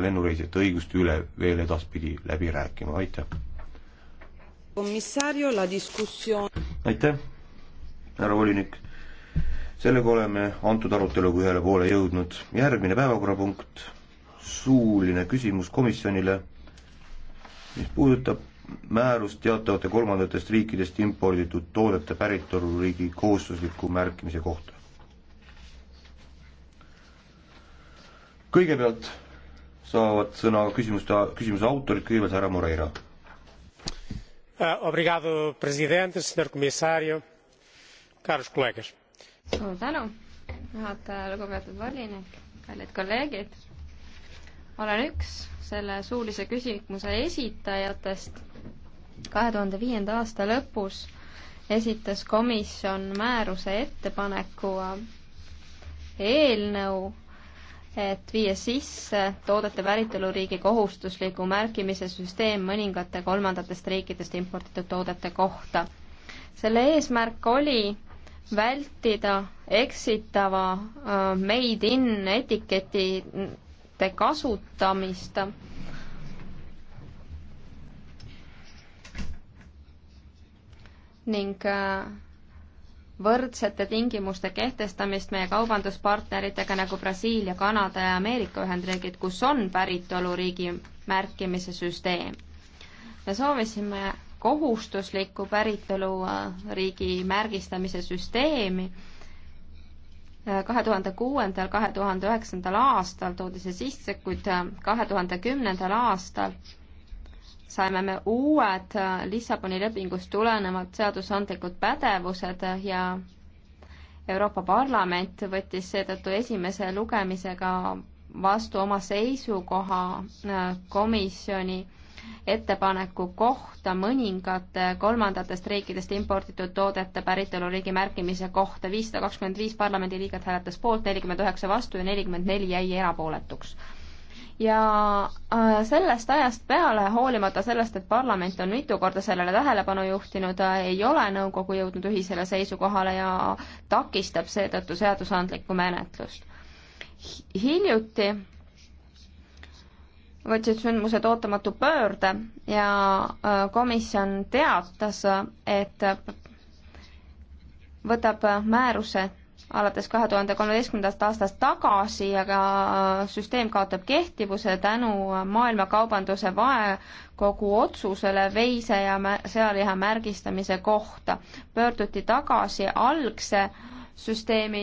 lennureisijate õiguste üle veel edaspidi läbi rääkima, aitäh. aitäh, härra volinik. sellega oleme antud aruteluga ühele poole jõudnud. järgmine päevakorrapunkt, suuline küsimus komisjonile, mis puudutab määrust teatavate kolmandatest riikidest imporditud toodete päritoluriigi kohustusliku märkimise kohta. kõigepealt saavad sõna küsimuste, küsimuse autorid, kõigepealt härra Moreira. Uh, obrigado, president, senor komissario, caros kollegas. suur tänu, juhataja, lugupeetud volinik, kallid kolleegid. olen üks selle suulise küsimuse esitajatest. kahe tuhande viienda aasta lõpus esitas komisjon määruse ettepaneku äh, eelnõu et viia sisse toodete päritoluriigi kohustusliku märkimise süsteem mõningate kolmandatest riikidest imporditud toodete kohta. selle eesmärk oli vältida eksitava äh, made in etikettide kasutamist ning äh, võrdsete tingimuste kehtestamist meie kaubanduspartneritega nagu Brasiilia, Kanada ja Ameerika Ühendriigid, kus on päritoluriigi märkimise süsteem. me soovisime kohustuslikku päritoluriigi märgistamise süsteemi. kahe tuhande kuuendal, kahe tuhande üheksandal aastal toodi see sisse, kuid kahe tuhande kümnendal aastal saime me uued äh, Lissaboni lepingust tulenevad seadusandlikud pädevused ja Euroopa Parlament võttis seetõttu esimese lugemisega vastu oma seisukoha äh, komisjoni ettepaneku kohta mõningate kolmandatest riikidest imporditud toodete päritoluriigi märkimise kohta. viissada kakskümmend viis parlamendiliiget hääletas poolt, nelikümmend üheksa vastu ja nelikümmend neli jäi erapooletuks ja äh, sellest ajast peale, hoolimata sellest, et parlament on mitu korda sellele tähelepanu juhtinud, äh, ei ole nõukogu jõudnud ühisele seisukohale ja takistab seetõttu seadusandlikku menetlust. hiljuti võtsid sündmused ootamatu pöörde ja äh, komisjon teatas, et võtab määruse alates kahe tuhande kolmeteistkümnendast aastast tagasi, aga äh, süsteem kaotab kehtivuse tänu Maailmakaubanduse vaekogu otsusele veise ja sealiha märgistamise kohta. pöörduti tagasi algse süsteemi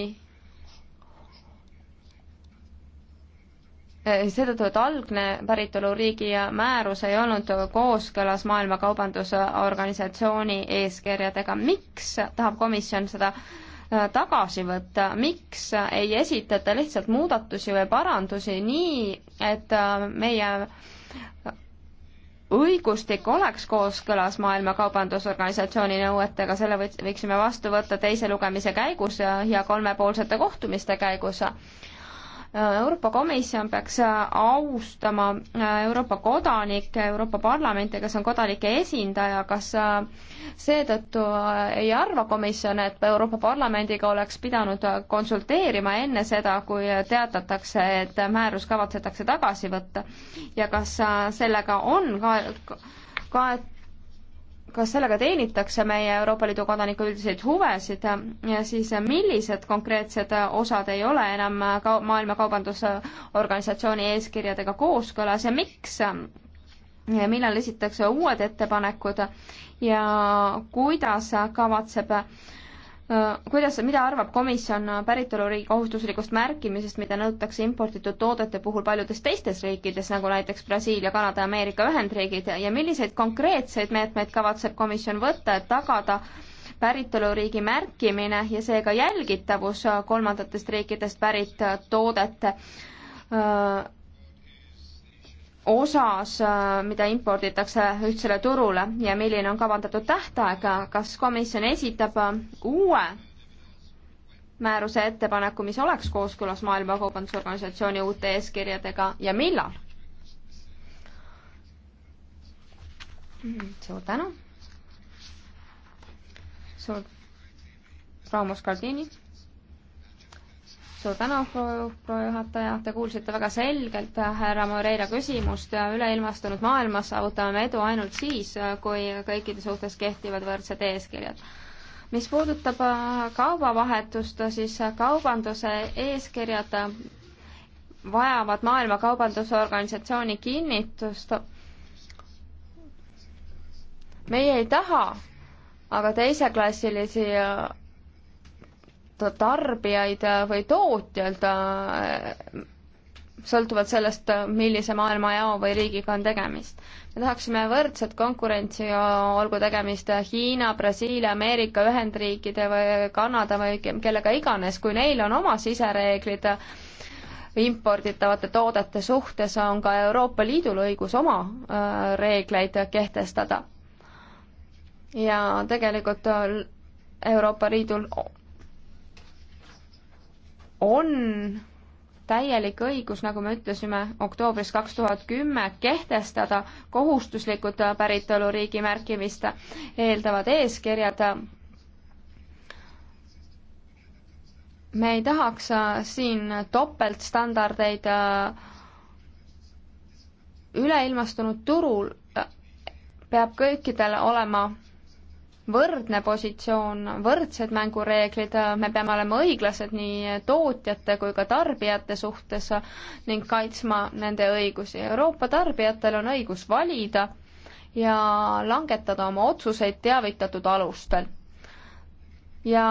äh, seetõttu, et algne päritoluriigi määrus ei olnud kooskõlas Maailma Kaubandusorganisatsiooni eeskirjadega. miks tahab komisjon seda Äh, tagasi võtta, miks ei esitata lihtsalt muudatusi või parandusi nii, et äh, meie õigustik oleks kooskõlas Maailma Kaubandusorganisatsiooni nõuetega, selle võiksime vastu võtta teise lugemise käigus ja, ja kolmepoolsete kohtumiste käigus Euroopa Komisjon peaks austama äh, Euroopa kodanikke, Euroopa Parlamenti, kes on kodanike esindaja, kas äh, seetõttu äh, ei arva komisjon, et Euroopa Parlamendiga oleks pidanud konsulteerima enne seda, kui teatatakse, et määrus kavatsetakse tagasi võtta ja kas sellega on ka, ka kas sellega teenitakse meie Euroopa Liidu kodaniku üldiseid huvesid ja siis millised konkreetsed osad ei ole enam ka Maailma Kaubandusorganisatsiooni eeskirjadega kooskõlas ja miks? millal esitakse uued ettepanekud ja kuidas kavatseb Äh, kuidas, mida arvab komisjon päritoluriigi kohustuslikust märkimisest, mida nõutakse imporditud toodete puhul paljudes teistes riikides, nagu näiteks Brasiilia, Kanada, Ameerika Ühendriigid ja milliseid konkreetseid meetmeid kavatseb komisjon võtta, et tagada päritoluriigi märkimine ja seega jälgitavus kolmandatest riikidest pärit toodete öö, äh, osas, äh, mida imporditakse ühtsele turule ja milline on kavandatud tähtaeg, kas komisjon esitab äh, uue määruse ettepaneku, mis oleks kooskõlas Maailma Kaubandusorganisatsiooni uute eeskirjadega ja millal? suur tänu. suur, proua Moskaldini suur tänu, proua juhataja, te kuulsite väga selgelt härra Moreira küsimust ja üleilmastunud maailmas saavutame me edu ainult siis, kui kõikide suhtes kehtivad võrdsed eeskirjad. mis puudutab äh, kaubavahetust, siis kaubanduse eeskirjad vajavad Maailma Kaubandusorganisatsiooni kinnitust. meie ei taha aga teiseklassilisi äh, tarbijaid või tootjaid, sõltuvalt sellest, millise maailmajao või riigiga on tegemist. me tahaksime võrdset konkurentsi, olgu tegemist Hiina, Brasiilia, Ameerika Ühendriikide või Kanada või kellega iganes, kui neil on oma sisereeglid imporditavate toodete suhtes, on ka Euroopa Liidul õigus oma äh, reegleid kehtestada. ja tegelikult Euroopa Liidul on täielik õigus, nagu me ütlesime, oktoobris kaks tuhat kümme kehtestada kohustuslikud päritoluriigi märkimist eeldavad eeskirjad. me ei tahaks siin topeltstandardeid üleilmastunud turul peab kõikidel olema võrdne positsioon, võrdsed mängureeglid, me peame olema õiglased nii tootjate kui ka tarbijate suhtes ning kaitsma nende õigusi. Euroopa tarbijatel on õigus valida ja langetada oma otsuseid teavitatud alustel. ja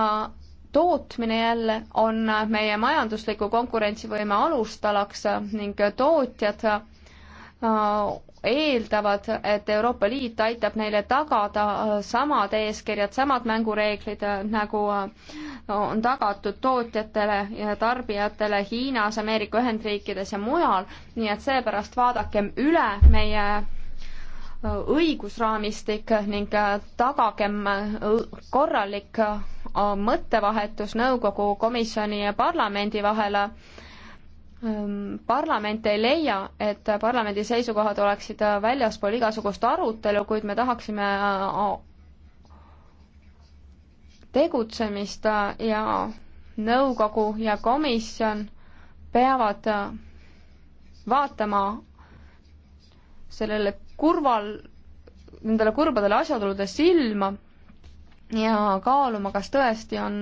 tootmine jälle on meie majandusliku konkurentsivõime alustalaks ning tootjad eeldavad, et Euroopa Liit aitab neile tagada äh, samad eeskirjad, samad mängureeglid, äh, nagu äh, on tagatud tootjatele ja tarbijatele Hiinas, Ameerika Ühendriikides ja mujal, nii et seepärast vaadakem üle meie õigusraamistik ning tagagem korralik mõttevahetus nõukogu, komisjoni ja parlamendi vahele Ehm, parlament ei leia, et parlamendi seisukohad oleksid äh, väljaspool igasugust arutelu, kuid me tahaksime äh, tegutsemist äh, ja nõukogu ja komisjon peavad vaatama sellele kurval, nendele kurbadele asjaolude silma ja kaaluma, kas tõesti on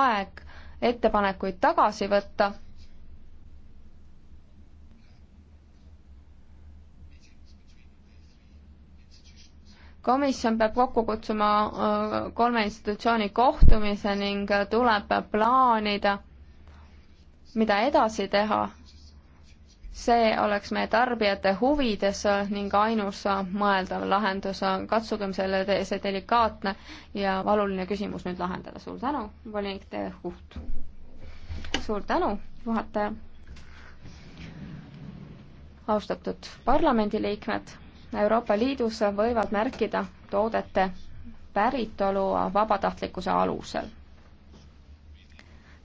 aeg ettepanekuid tagasi võtta komisjon peab kokku kutsuma äh, kolme institutsiooni kohtumise ning äh, tuleb plaanida, mida edasi teha. see oleks meie tarbijate huvides äh, ning ainus mõeldav lahendus. katsugem selle, see delikaatne ja valuline küsimus nüüd lahendada. suur tänu, volinik De Huht. suur tänu, juhataja. austatud parlamendiliikmed Euroopa Liidus võivad märkida toodete päritolu vabatahtlikkuse alusel.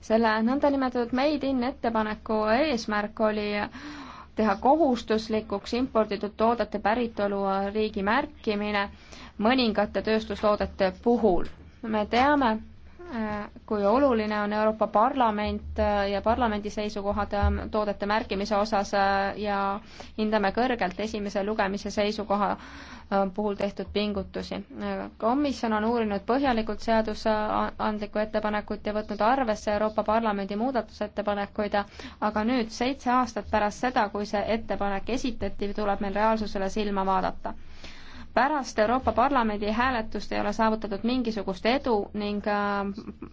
selle nõndanimetatud Made in ettepaneku eesmärk oli teha kohustuslikuks imporditud toodete päritoluriigi märkimine mõningate tööstustoodete puhul. me teame, Äh, kui oluline on Euroopa Parlament äh, ja parlamendi seisukohad ähm, toodete märkimise osas äh, ja hindame kõrgelt esimese lugemise seisukoha puhul tehtud pingutusi. komisjon on uurinud põhjalikult seadusandlikku ettepanekut ja võtnud arvesse Euroopa Parlamendi muudatusettepanekuid, aga nüüd, seitse aastat pärast seda, kui see ettepanek esitati, tuleb meil reaalsusele silma vaadata pärast Euroopa Parlamendi hääletust ei ole saavutatud mingisugust edu ning äh,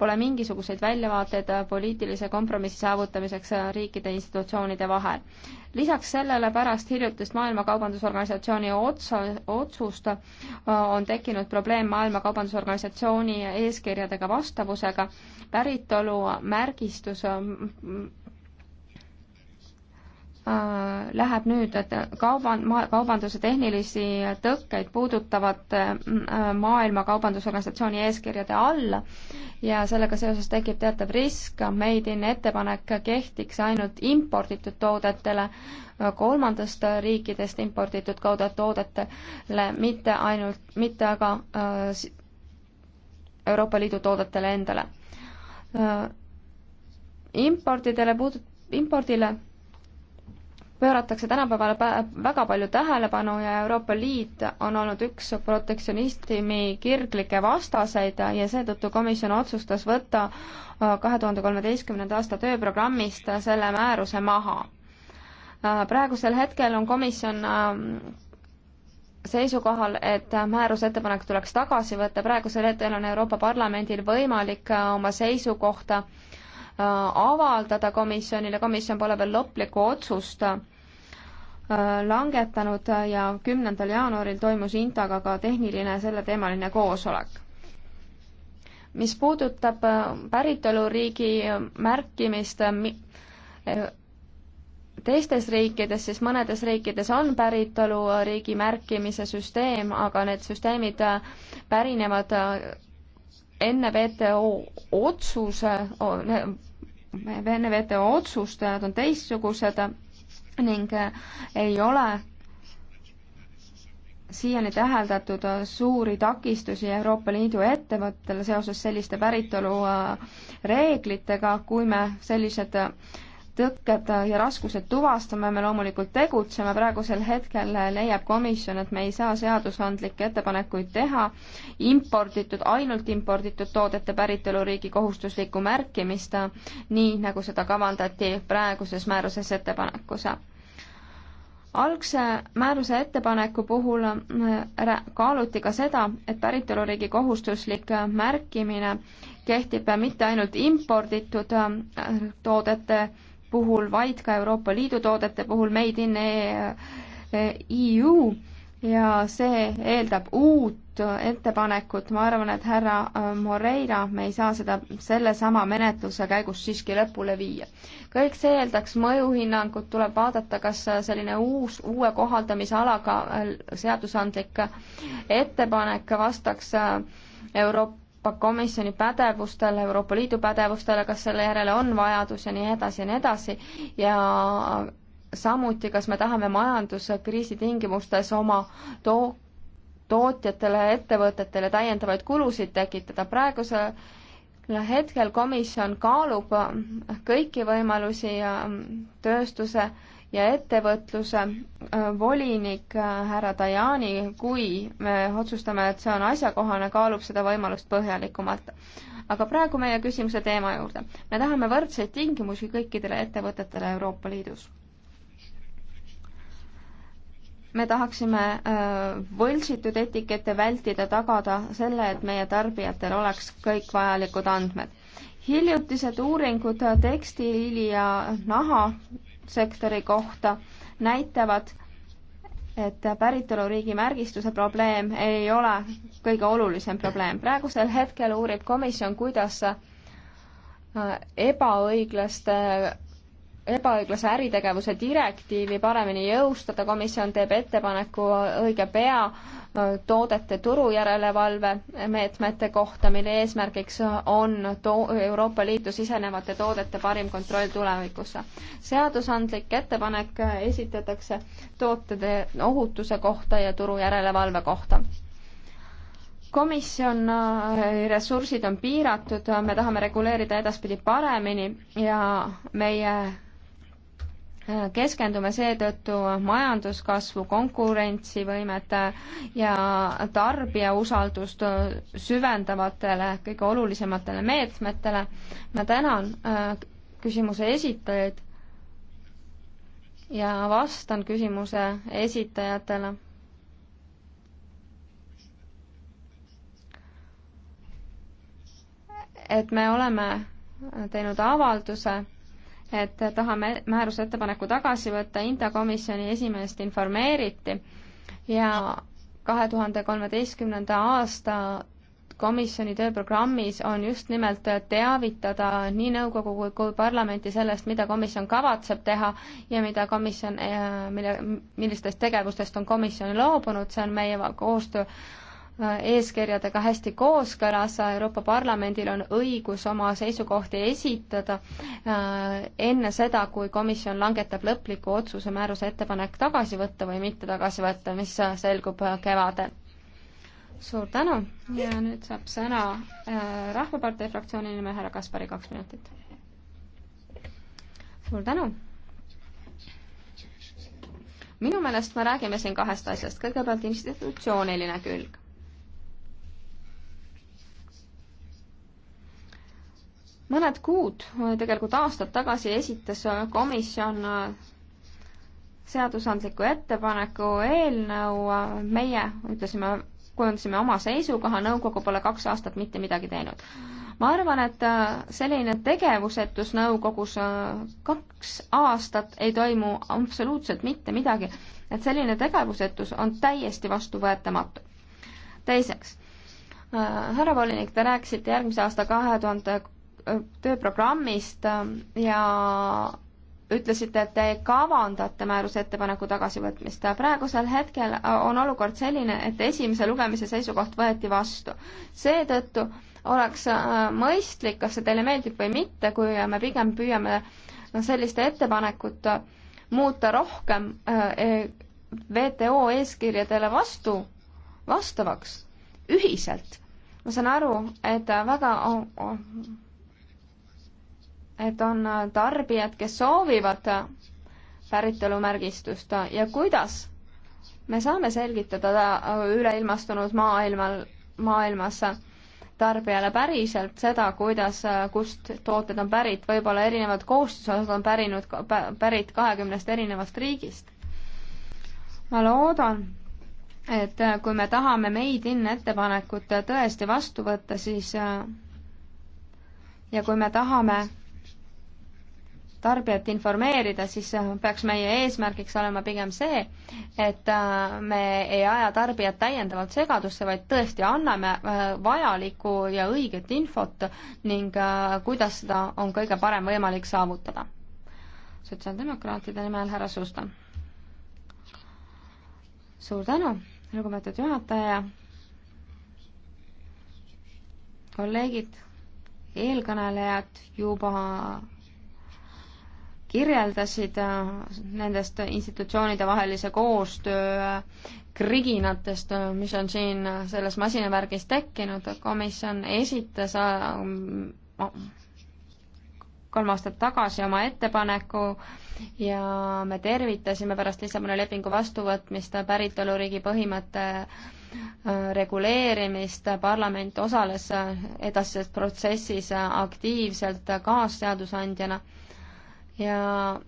pole mingisuguseid väljavaateid äh, poliitilise kompromissi saavutamiseks äh, riikide institutsioonide vahel. lisaks sellele pärast hiljutist Maailma Kaubandusorganisatsiooni otsa, otsust on tekkinud probleem Maailma Kaubandusorganisatsiooni eeskirjadega vastavusega, päritolumärgistus Äh, läheb nüüd kauban-, kaubanduse tehnilisi tõkkeid puudutavate äh, äh, Maailma Kaubandusorganisatsiooni eeskirjade alla ja sellega seoses tekib teatav risk, Made in ettepanek kehtiks ainult imporditud toodetele, kolmandast riikidest imporditud toodetele, mitte ainult, mitte aga Euroopa Liidu toodetele endale. impordidele puudu-, impordile pööratakse tänapäeval väga palju tähelepanu ja Euroopa Liit on olnud üks protektsionismi kirglikke vastaseid ja seetõttu komisjon otsustas võtta äh, kahe tuhande kolmeteistkümnenda aasta tööprogrammist selle määruse maha. Äh, praegusel hetkel on komisjon äh, seisukohal, et määruse ettepanek tuleks tagasi võtta, praegusel hetkel on Euroopa Parlamendil võimalik oma seisukohta avaldada komisjonile, komisjon pole veel lõplikku otsust Äh, langetanud äh, ja kümnendal jaanuaril toimus Intaga ka tehniline selleteemaline koosolek. mis puudutab äh, päritoluriigi märkimist teistes riikides, siis mõnedes riikides on päritoluriigi märkimise süsteem, aga need süsteemid pärinevad enne WTO otsuse, enne WTO otsust, nad on teistsugused ning äh, ei ole siiani täheldatud äh, suuri takistusi Euroopa Liidu ettevõttele seoses selliste päritolu äh, reeglitega, kui me sellised tõkked ja raskused tuvastame, me loomulikult tegutseme, praegusel hetkel leiab komisjon, et me ei saa seadusandlikke ettepanekuid teha imporditud, ainult imporditud toodete päritoluriigi kohustuslikku märkimist, nii nagu seda kavandati praeguses määruses ettepanekus algse määruse ettepaneku puhul äh, kaaluti ka seda, et päritoluriigi kohustuslik äh, märkimine kehtib mitte ainult imporditud äh, toodete puhul, vaid ka Euroopa Liidu toodete puhul Made in EU ja see eeldab uut ettepanekut, ma arvan, et härra äh, Moreira, me ei saa seda sellesama menetluse käigus siiski lõpule viia. kõik see eeldaks mõjuhinnangut, tuleb vaadata, kas selline uus, uue kohaldamisalaga äh, seadusandlik ettepanek vastaks äh, Euroopa Komisjoni pädevustele, Euroopa Liidu pädevustele, kas selle järele on vajadus ja nii edasi ja nii edasi ja samuti, kas me tahame majanduskriisi tingimustes oma to-, tootjatele ja ettevõtetele täiendavaid kulusid tekitada. praegusel hetkel komisjon kaalub kõiki võimalusi äh, tööstuse ja ettevõtluse äh, volinik äh, härra Dajani, kui me otsustame, et see on asjakohane, kaalub seda võimalust põhjalikumalt. aga praegu meie küsimuse teema juurde. me tahame võrdseid tingimusi kõikidele ettevõtetele Euroopa Liidus me tahaksime äh, võltsitud etikette vältida, tagada selle, et meie tarbijatel oleks kõik vajalikud andmed. hiljutised uuringud tekstiili ja nahasektori kohta näitavad, et päritoluriigi märgistuse probleem ei ole kõige olulisem probleem. praegusel hetkel uurib komisjon, kuidas äh, ebaõiglaste ebaõiglase äritegevuse direktiivi paremini jõustada, komisjon teeb ettepaneku õige pea äh, toodete turujärelevalve meetmete kohta, mille eesmärgiks on to-, Euroopa Liitu sisenevate toodete parim kontroll tulevikus. seadusandlik ettepanek äh, esitatakse tootede ohutuse kohta ja turujärelevalve kohta komisjon äh, ressursid on piiratud, me tahame reguleerida edaspidi paremini ja meie keskendume seetõttu majanduskasvu, konkurentsivõimet ja tarbija usaldust süvendavatele kõige olulisematele meetmetele. ma tänan äh, küsimuse esitajaid ja vastan küsimuse esitajatele. et me oleme teinud avalduse et tahame määruse ettepaneku tagasi võtta, Inta komisjoni esimeest informeeriti ja kahe tuhande kolmeteistkümnenda aasta komisjoni tööprogrammis on just nimelt teavitada nii nõukogu kui, kui parlamenti sellest, mida komisjon kavatseb teha ja mida komisjon, mille, millistest tegevustest on komisjon loobunud, see on meie koostöö eeskirjadega hästi kooskõlas, Euroopa Parlamendil on õigus oma seisukohti esitada äh, enne seda, kui komisjon langetab lõpliku otsuse määruse ettepanek tagasi võtta või mitte tagasi võtta, mis selgub kevadel. suur tänu ja nüüd saab sõna äh, Rahvapartei fraktsiooni nimel härra Kaspari, kaks minutit. suur tänu minu meelest me räägime siin kahest asjast, kõigepealt institutsiooniline külg. mõned kuud, äh, tegelikult aastad tagasi esitas äh, komisjon äh, seadusandliku ettepaneku eelnõu, meie ütlesime, kujundasime oma seisukoha, nõukogu pole kaks aastat mitte midagi teinud. ma arvan, et selline tegevusetus nõukogus kaks aastat ei toimu absoluutselt mitte midagi, et selline tegevusetus on täiesti vastuvõetamatu. teiseks, härra volinik, te rääkisite järgmise aasta kahe tuhande Äh, tööprogrammist äh, ja ütlesite, et te kavandate määruse ettepaneku tagasivõtmist. praegusel hetkel äh, on olukord selline, et esimese lugemise seisukoht võeti vastu. seetõttu oleks mõistlik, kas see teile meeldib või mitte, kui me pigem püüame sellist ettepanekut muuta rohkem e-, WTO eeskirjadele vastu, vastavaks ühiselt. ma saan aru, et väga et on äh, tarbijad, kes soovivad äh, päritolumärgistust äh, ja kuidas me saame selgitada üleilmastunud maailmal, maailmas tarbijale päriselt seda, kuidas, kust tooted on pärit, võib-olla erinevad koostisosad on pärinud, pärit kahekümnest erinevast riigist. ma loodan, et kui me tahame Made in ettepanekut tõesti vastu võtta, siis ja kui me tahame tarbijat informeerida, siis äh, peaks meie eesmärgiks olema pigem see, et äh, me ei aja tarbijat täiendavalt segadusse, vaid tõesti anname äh, vajalikku ja õiget infot ning kuidas seda on kõige parem võimalik saavutada. sotsiaaldemokraatide nimel härra Susta. suur tänu, lugupeetud juhataja, kolleegid, eelkõnelejad juba kirjeldasid äh, nendest institutsioonide vahelise koostöö äh, kriginatest, äh, mis on siin selles masinavärgis tekkinud, komisjon esitas kolm aastat tagasi oma ettepaneku ja me tervitasime pärast Lissaboni lepingu vastuvõtmist päritoluriigi põhimõtte reguleerimist, parlament osales edasises protsessis aktiivselt kaasseadusandjana ja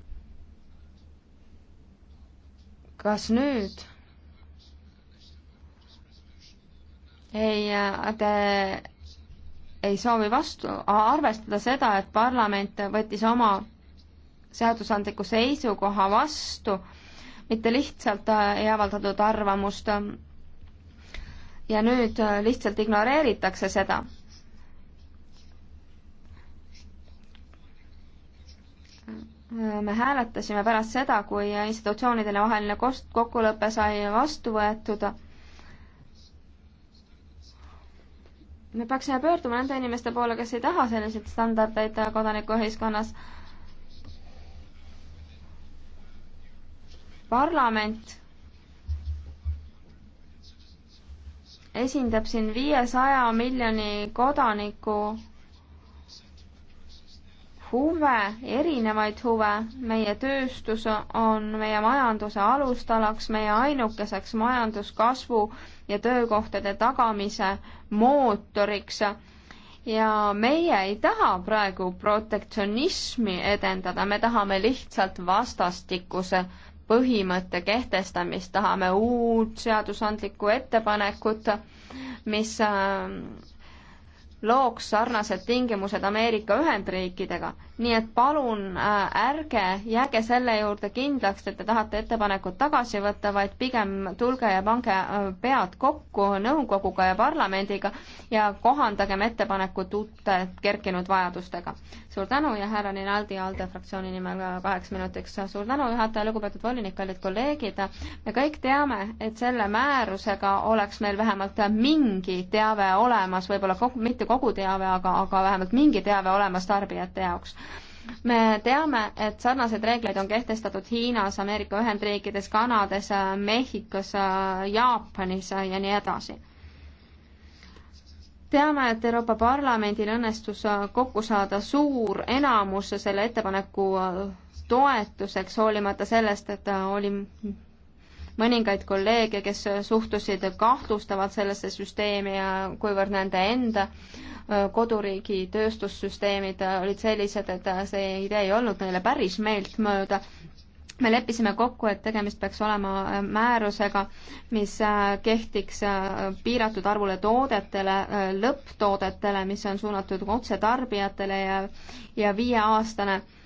kas nüüd ei, te ei soovi vastu, arvestada seda, et parlament võttis oma seadusandliku seisukoha vastu, mitte lihtsalt äh, ei avaldatud arvamust. ja nüüd äh, lihtsalt ignoreeritakse seda me hääletasime pärast seda, kui institutsioonidele vaheline kost-, kokkulepe sai vastu võetud. me peaksime pöörduma nende inimeste poole, kes ei taha selliseid standardeid kodanikuühiskonnas. parlament esindab siin viiesaja miljoni kodaniku huve, erinevaid huve, meie tööstus on meie majanduse alustalaks, meie ainukeseks majanduskasvu ja töökohtade tagamise mootoriks ja meie ei taha praegu protektsionismi edendada, me tahame lihtsalt vastastikuse põhimõtte kehtestamist, tahame uut seadusandlikku ettepanekut, mis äh, looks sarnased tingimused Ameerika Ühendriikidega nii et palun äh, ärge jääge selle juurde kindlaks, et te tahate ettepanekut tagasi võtta, vaid pigem tulge ja pange äh, pead kokku nõukoguga ja parlamendiga ja kohandagem ettepanekut uute kerkinud vajadustega. suur tänu ja härra Rinaldi Alde fraktsiooni nimel kaheks minutiks. suur tänu, juhataja, lugupeetud volinik, kallid kolleegid. me kõik teame, et selle määrusega oleks meil vähemalt mingi teave olemas, võib-olla kogu, mitte kogu teave, aga, aga vähemalt mingi teave olemas tarbijate jaoks me teame, et sarnaseid reegleid on kehtestatud Hiinas, Ameerika Ühendriikides, Kanadas, Mehhikos, Jaapanis ja nii edasi. teame, et Euroopa Parlamendil õnnestus kokku saada suur enamus selle ettepaneku toetuseks, hoolimata sellest, et oli mõningaid kolleege, kes suhtusid kahtlustavalt sellesse süsteemi ja kuivõrd nende enda äh, koduriigi tööstussüsteemid olid sellised, et äh, see idee ei olnud neile päris meeltmööda me leppisime kokku, et tegemist peaks olema äh, määrusega, mis kehtiks piiratud arvule toodetele, lõpptoodetele, mis on suunatud otse tarbijatele ja, ja viieaastane äh,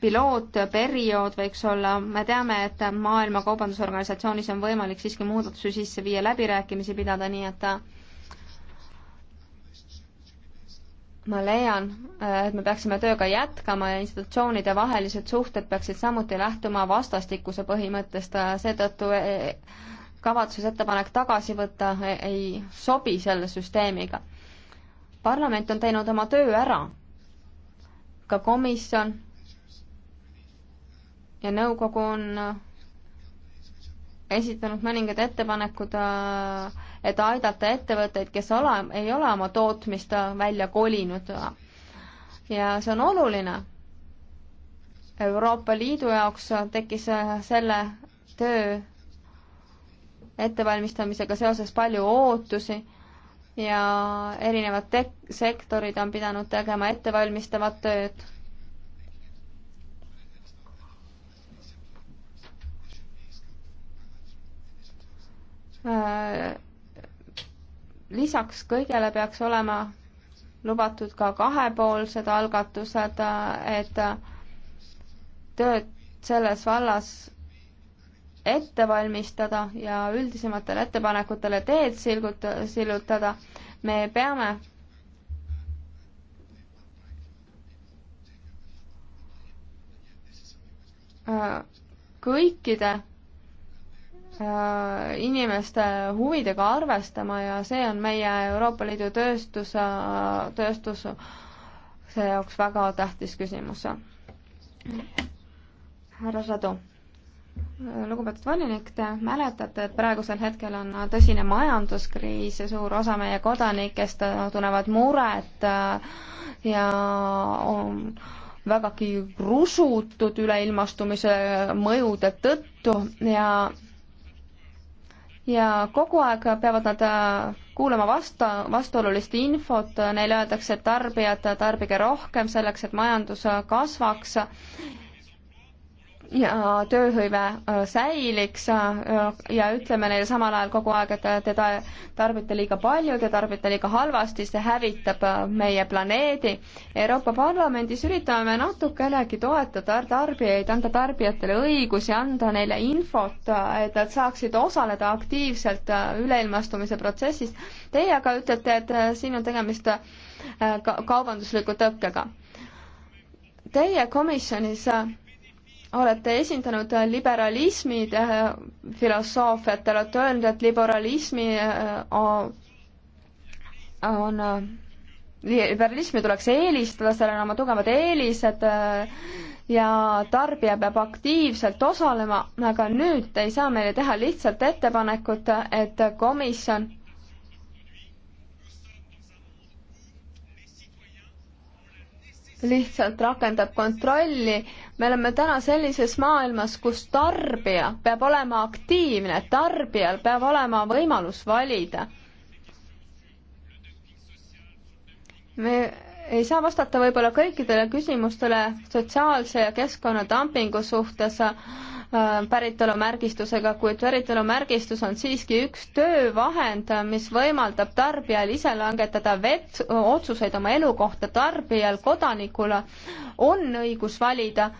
pilootperiood võiks olla, me teame, et Maailma Kaubandusorganisatsioonis on võimalik siiski muudatusi sisse viia, läbirääkimisi pidada, nii et ma leian, et me peaksime tööga jätkama ja institutsioonide vahelised suhted peaksid samuti lähtuma vastastikuse põhimõttest, seetõttu e, e, kavatsusettepanek tagasi võtta e, ei sobi selle süsteemiga. parlament on teinud oma töö ära, ka komisjon ja nõukogu on esitanud mõningad ettepanekud, äh, et aidata ettevõtteid, kes ole, ei ole oma tootmist äh, välja kolinud. ja see on oluline. Euroopa Liidu jaoks tekkis äh, selle töö ettevalmistamisega seoses palju ootusi ja erinevad tek-, sektorid on pidanud tegema ettevalmistavat tööd Äh, lisaks kõigele peaks olema lubatud ka kahepoolsed algatused, et tööd selles vallas ette valmistada ja üldisematele ettepanekutele teed silgut-, sillutada, me peame äh, kõikide Äh, inimeste huvidega arvestama ja see on meie Euroopa Liidu tööstus, äh, tööstuse jaoks väga tähtis küsimus. härra Sadu, lugupeetud volinik, te mäletate, et praegusel hetkel on tõsine majanduskriis ja suur osa meie kodanikest tunnevad muret äh, ja on vägagi rusutud üleilmastumise mõjude tõttu ja ja kogu aeg peavad nad äh, kuulama vastu, vastuolulist infot, neile öeldakse, et tarbijad, tarbige rohkem selleks, et majandus äh, kasvaks ja tööhõive äh, säiliks äh, ja ütleme neile samal ajal kogu aeg, et äh, te tarbite liiga palju, te tarbite liiga halvasti, see hävitab meie planeedi. Euroopa Parlamendis üritame me natukenegi toetada tarbijaid, anda tarbijatele õigusi, anda neile infot, et nad saaksid osaleda aktiivselt üleilmastumise protsessis. Teie aga ütlete, et siin on tegemist kaubandusliku tõkkega. Teie komisjonis olete esindanud liberalismi äh, filosoofiat, te olete öelnud, et liberalismi äh, on, äh, on liberalismi tuleks eelistada, sellel on oma tugevad eelised ja tarbija peab aktiivselt osalema, aga nüüd ei saa meile teha lihtsalt ettepanekut, et komisjon lihtsalt rakendab kontrolli. me oleme täna sellises maailmas, kus tarbija peab olema aktiivne, tarbijal peab olema võimalus valida. me ei saa vastata võib-olla kõikidele küsimustele sotsiaalse ja keskkonnadumpingu suhtes Äh, päritolumärgistusega, kuid päritolumärgistus on siiski üks töövahend, mis võimaldab tarbijal ise langetada vet-, otsuseid oma elukohta, tarbijal, kodanikul on õigus valida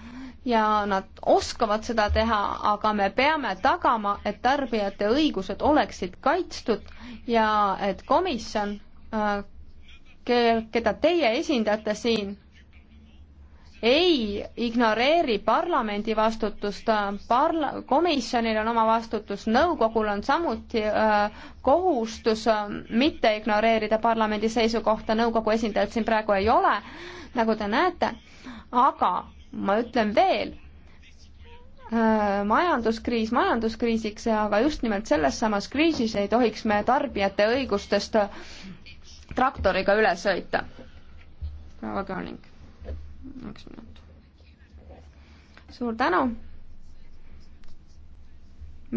ja nad oskavad seda teha, aga me peame tagama, et tarbijate õigused oleksid kaitstud ja et komisjon, äh, keda teie esindate siin, ei ignoreeri parlamendi vastutust, parla-, komisjonil on oma vastutus, nõukogul on samuti äh, kohustus äh, mitte ignoreerida parlamendi seisukohta, nõukogu esindajat siin praegu ei ole, nagu te näete, aga ma ütlen veel äh,, majanduskriis majanduskriisiks, aga just nimelt selles samas kriisis ei tohiks me tarbijate õigustest traktoriga üle sõita. proua Kööning üks minut. suur tänu.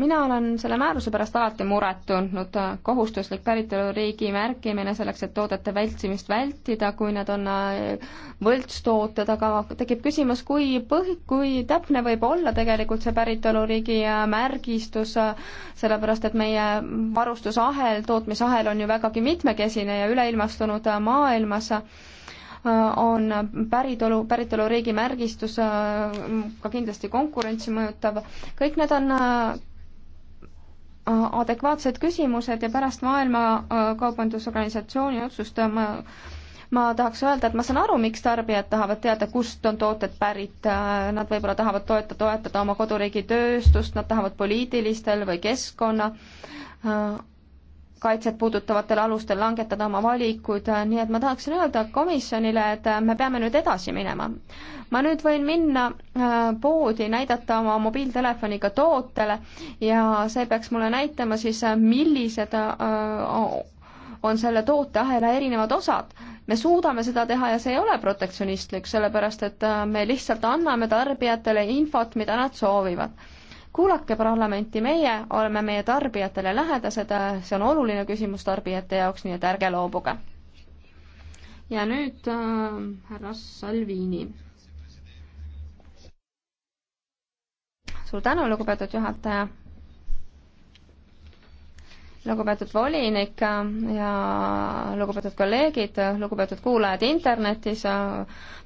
mina olen selle määruse pärast alati muret tundnud, kohustuslik päritoluriigi märkimine selleks, et toodete vältsimist vältida, kui need on äh, võltstooted, aga tekib küsimus, kui põhi, kui täpne võib olla tegelikult see päritoluriigi äh, märgistus, äh, sellepärast et meie varustusahel, tootmisahel on ju vägagi mitmekesine ja üleilmastunud maailmas on päritolu, päritoluriigi märgistus äh, ka kindlasti konkurentsi mõjutav. kõik need on äh, adekvaatsed küsimused ja pärast Maailma äh, Kaubandusorganisatsiooni otsust ma, ma tahaks öelda, et ma saan aru, miks tarbijad tahavad teada, kust on tooted pärit, nad võib-olla tahavad toeta, toetada oma koduriigi tööstust, nad tahavad poliitilistel või keskkonna kaitset puudutavatel alustel langetada oma valikuid, nii et ma tahaksin öelda komisjonile, et me peame nüüd edasi minema. ma nüüd võin minna äh, poodi, näidata oma mobiiltelefoniga tootele ja see peaks mulle näitama siis, millised äh, on selle tooteahela erinevad osad. me suudame seda teha ja see ei ole protektsionistlik, sellepärast et äh, me lihtsalt anname tarbijatele infot, mida nad soovivad kuulake parlamenti, meie oleme meie tarbijatele lähedased, see on oluline küsimus tarbijate jaoks, nii et ärge loobuge. ja nüüd äh, härra Salvini. suur tänu, lugupeetud juhataja. lugupeetud volinik ja lugupeetud kolleegid, lugupeetud kuulajad internetis,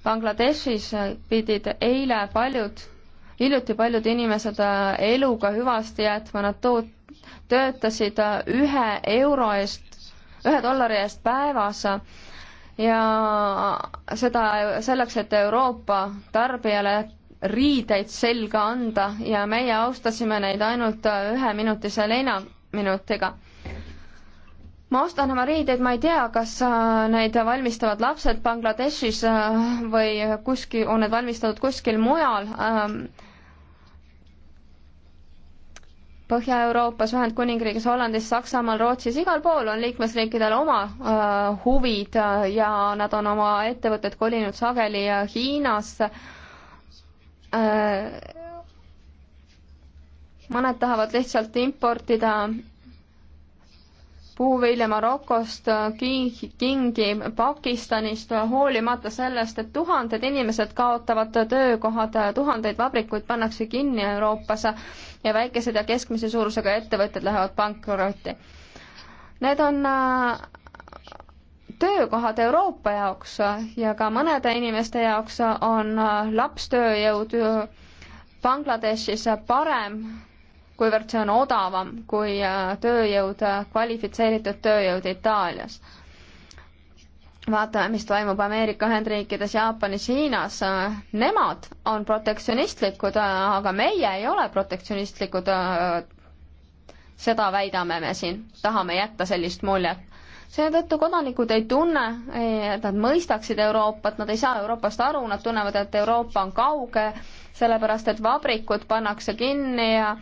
Bangladeshis pidid eile paljud hiljuti paljud inimesed äh, eluga hüvasti jätma, nad toot-, töötasid äh, ühe euro eest, ühe dollari eest päevas ja seda selleks, et Euroopa tarbijale riideid selga anda ja meie austasime neid ainult äh, üheminutise leinaminutiga ma ostan oma riideid, ma ei tea, kas äh, neid valmistavad lapsed Bangladeshis äh, või kuskil, on need valmistatud kuskil mujal. Ähm, Põhja-Euroopas, Ühendkuningriigis, Hollandis, Saksamaal, Rootsis, igal pool on liikmesriikidel oma äh, huvid ja nad on oma ettevõtted kolinud sageli Hiinasse mõned tahavad lihtsalt importida puuvilja Marokost, kingi Pakistanist, hoolimata sellest, et tuhanded inimesed kaotavad töökohad, tuhandeid vabrikuid pannakse kinni Euroopas ja väikesed ja keskmise suurusega ettevõtted lähevad pankrotti. Need on äh, töökohad Euroopa jaoks ja ka mõnede inimeste jaoks on lapstööjõud Bangladeshis parem kuivõrd see on odavam kui äh, tööjõud, äh, kvalifitseeritud tööjõud Itaalias. vaatame, mis toimub Ameerika Ühendriikides, Jaapanis, Hiinas. Äh, nemad on protektsionistlikud, aga meie ei ole protektsionistlikud. seda väidame me siin, tahame jätta sellist muljet seetõttu kodanikud ei tunne, et nad mõistaksid Euroopat, nad ei saa Euroopast aru, nad tunnevad, et Euroopa on kauge, sellepärast et vabrikud pannakse kinni ja äh,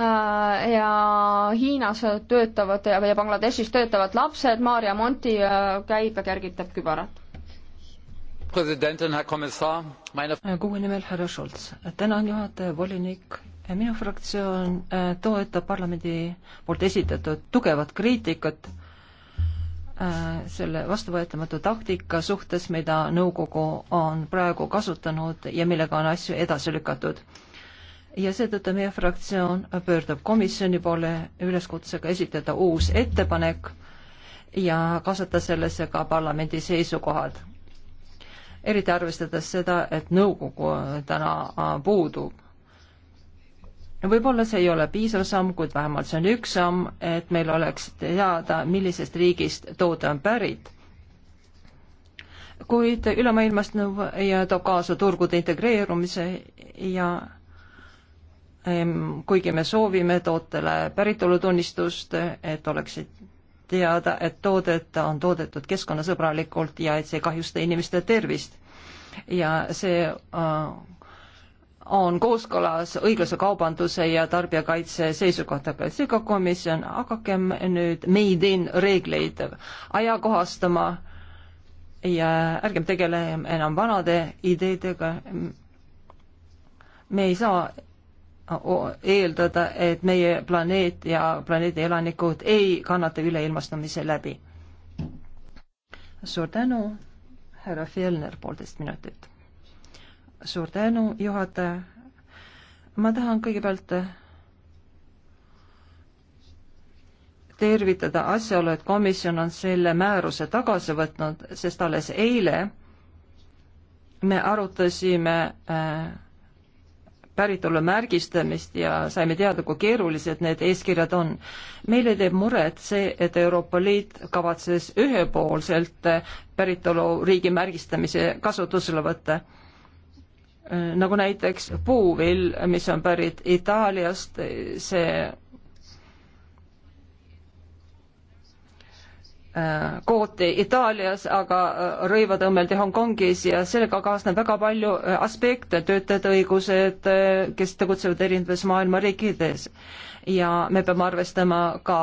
Äh, ja Hiinas töötavad ja Bangladeshis töötavad lapsed, Maarja Monti äh, käib ja kergitab kübarat. Meine... Äh, kuue nimel härra Schulz, tänan juhataja, volinik, minu fraktsioon toetab parlamendi poolt esitatud tugevat kriitikat selle vastuvõetamatu taktika suhtes, mida nõukogu on praegu kasutanud ja millega on asju edasi lükatud ja seetõttu meie fraktsioon pöördub komisjoni poole üleskutsega esitada uus ettepanek ja kaasata sellesse ka parlamendi seisukohad. eriti arvestades seda, et nõukogu täna äh, puudub. võib-olla see ei ole piisav samm, kuid vähemalt see on üks samm, et meil oleks teada, millisest riigist toode on pärit kuid ülemaailmast nõu ja toob kaasa turgude integreerumise ja kuigi me soovime tootele päritolutunnistust, et oleksid teada, et toodet on toodetud keskkonnasõbralikult ja et see ei kahjusta inimeste tervist. ja see äh, on kooskõlas õiglase kaubanduse ja tarbijakaitse seisukohtadega. seega komisjon, hakakem nüüd made in reegleid ajakohastama ja ärgem tegeleme enam vanade ideedega. me ei saa eeldada, et meie planeet ja planeedi elanikud ei kannata üleilmastumise läbi. suur tänu, härra Fjellner, poolteist minutit. suur tänu, juhataja. ma tahan kõigepealt tervitada asjaolu, et komisjon on selle määruse tagasi võtnud, sest alles eile me arutasime äh, päritolu märgistamist ja saime teada, kui keerulised need eeskirjad on. meile teeb muret see, et Euroopa Liit kavatses ühepoolselt päritoluriigi märgistamise kasutusele võtta nagu näiteks puuvill, mis on pärit Itaaliast, see Äh, kvooti Itaalias, aga äh, rõivad õmmeldi Hongkongis ja sellega kaasneb väga palju äh, aspekte, töötajate õigused, kes tegutsevad erinevates maailma riikides. ja me peame arvestama ka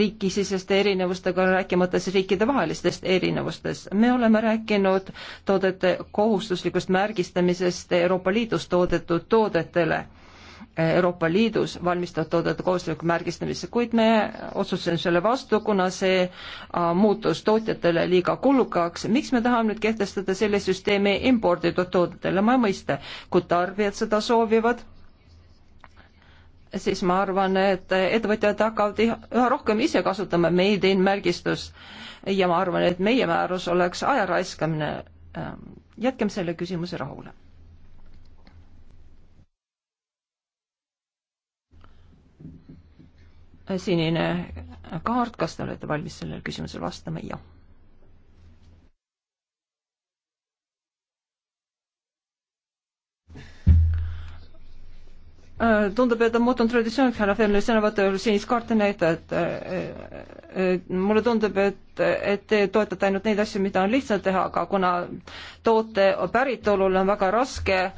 riikisiseste erinevustega, rääkimata siis riikidevahelistest erinevustest. me oleme rääkinud toodete kohustuslikust märgistamisest Euroopa Liidus toodetud toodetele Euroopa Liidus valmistatud toodete kohustuslikku märgistamisse, kuid me otsustasime selle vastu, kuna see äh, muutus tootjatele liiga kulukaks. miks me tahame nüüd kehtestada selle süsteemi imporditud toodetele, ma ei mõista, kui tarbijad seda soovivad siis ma arvan, et ettevõtjad hakkavad üha rohkem ise kasutama made in märgistust ja ma arvan, et meie määrus oleks aja raiskamine. Ähm, jätkem selle küsimuse rahule sinine kaart, kas te olete valmis sellele küsimusele vastama? jah. tundub, et on muutunud traditsiooniks härra Fermi sõnavõtu juures sinist kaarti näidata, et äh, äh, äh, mulle tundub, et, et te toetate ainult neid asju, mida on lihtsalt teha, aga kuna toote päritolul on väga raske äh,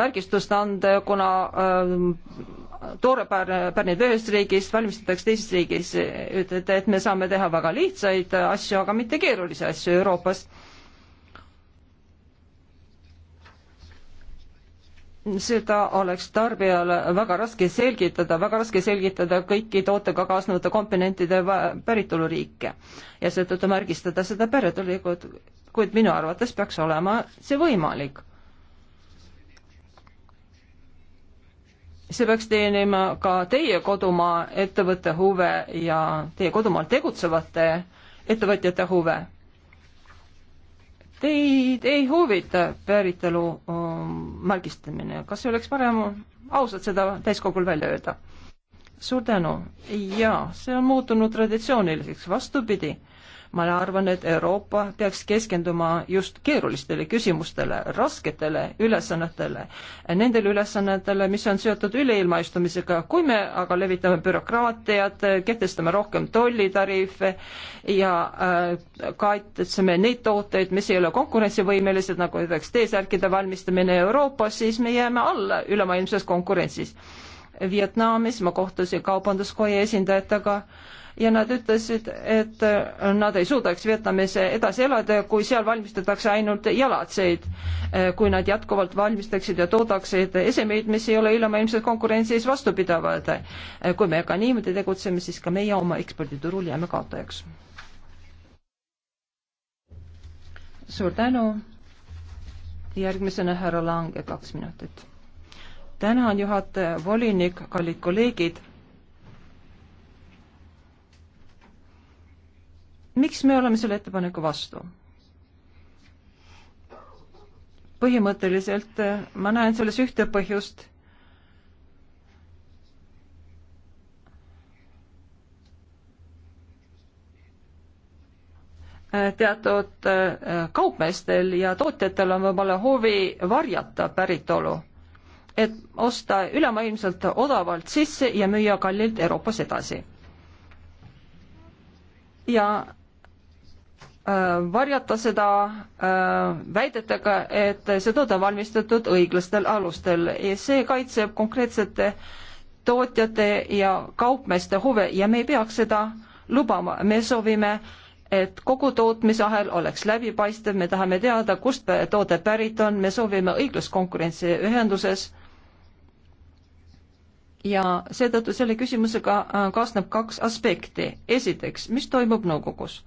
märgistust anda, kuna äh, toorepärne ühest riigist, valmistatakse teises riigis, ütlete, et me saame teha väga lihtsaid asju, aga mitte keerulisi asju Euroopas seda oleks tarbijale väga raske selgitada, väga raske selgitada kõiki tootega kaasnevate komponentide päritoluriike ja seetõttu märgistada seda peretulikult, kuid minu arvates peaks olema see võimalik. see peaks teenima ka teie kodumaa ettevõtte huve ja teie kodumaal tegutsevate ettevõtjate huve. Teid ei huvita päritolu um, märgistamine, kas ei oleks parem ausalt seda täiskogul välja öelda? suur tänu, jaa, see on muutunud traditsiooniliseks, vastupidi ma arvan, et Euroopa peaks keskenduma just keerulistele küsimustele, rasketele ülesannetele, nendele ülesannetele, mis on seotud üleilmaistumisega. kui me aga levitame bürokraatiat, kehtestame rohkem tollitariife ja äh, kaitseme neid tooteid, mis ei ole konkurentsivõimelised, nagu näiteks T-särkide valmistamine Euroopas, siis me jääme alla ülemaailmses konkurentsis. Vietnamis ma kohtusin kaubanduskoja esindajatega äh, ja nad ütlesid, et äh, nad ei suudaks Vietnamis edasi elada, kui seal valmistatakse ainult jalatseid. Äh, kui nad jätkuvalt valmistaksid ja toodaksid esemeid, mis ei ole ülemaailmses konkurentsis vastupidavad. Äh, kui me ka niimoodi tegutseme, siis ka meie oma eksporditurul jääme kaotajaks. suur tänu. järgmisena härra Lange, kaks minutit. tänan, juhataja, volinik, kallid kolleegid miks me oleme selle ettepaneku vastu? põhimõtteliselt eh, ma näen selles ühte põhjust. Eh, teatud eh, kaupmeestel ja tootjatel on võib-olla huvi varjata päritolu, et osta ülemaailmselt odavalt sisse ja müüa kallilt Euroopas edasi. ja Äh, varjata seda äh, väidetega, et sõdad on valmistatud õiglastel alustel ja see kaitseb konkreetsete tootjate ja kaupmeeste huve ja me ei peaks seda lubama, me soovime et kogu tootmisahel oleks läbipaistev, me tahame teada, kust toode pärit on, me soovime õiglast konkurentsi ühenduses. ja seetõttu selle küsimusega äh, kaasneb kaks aspekti. esiteks, mis toimub nõukogus?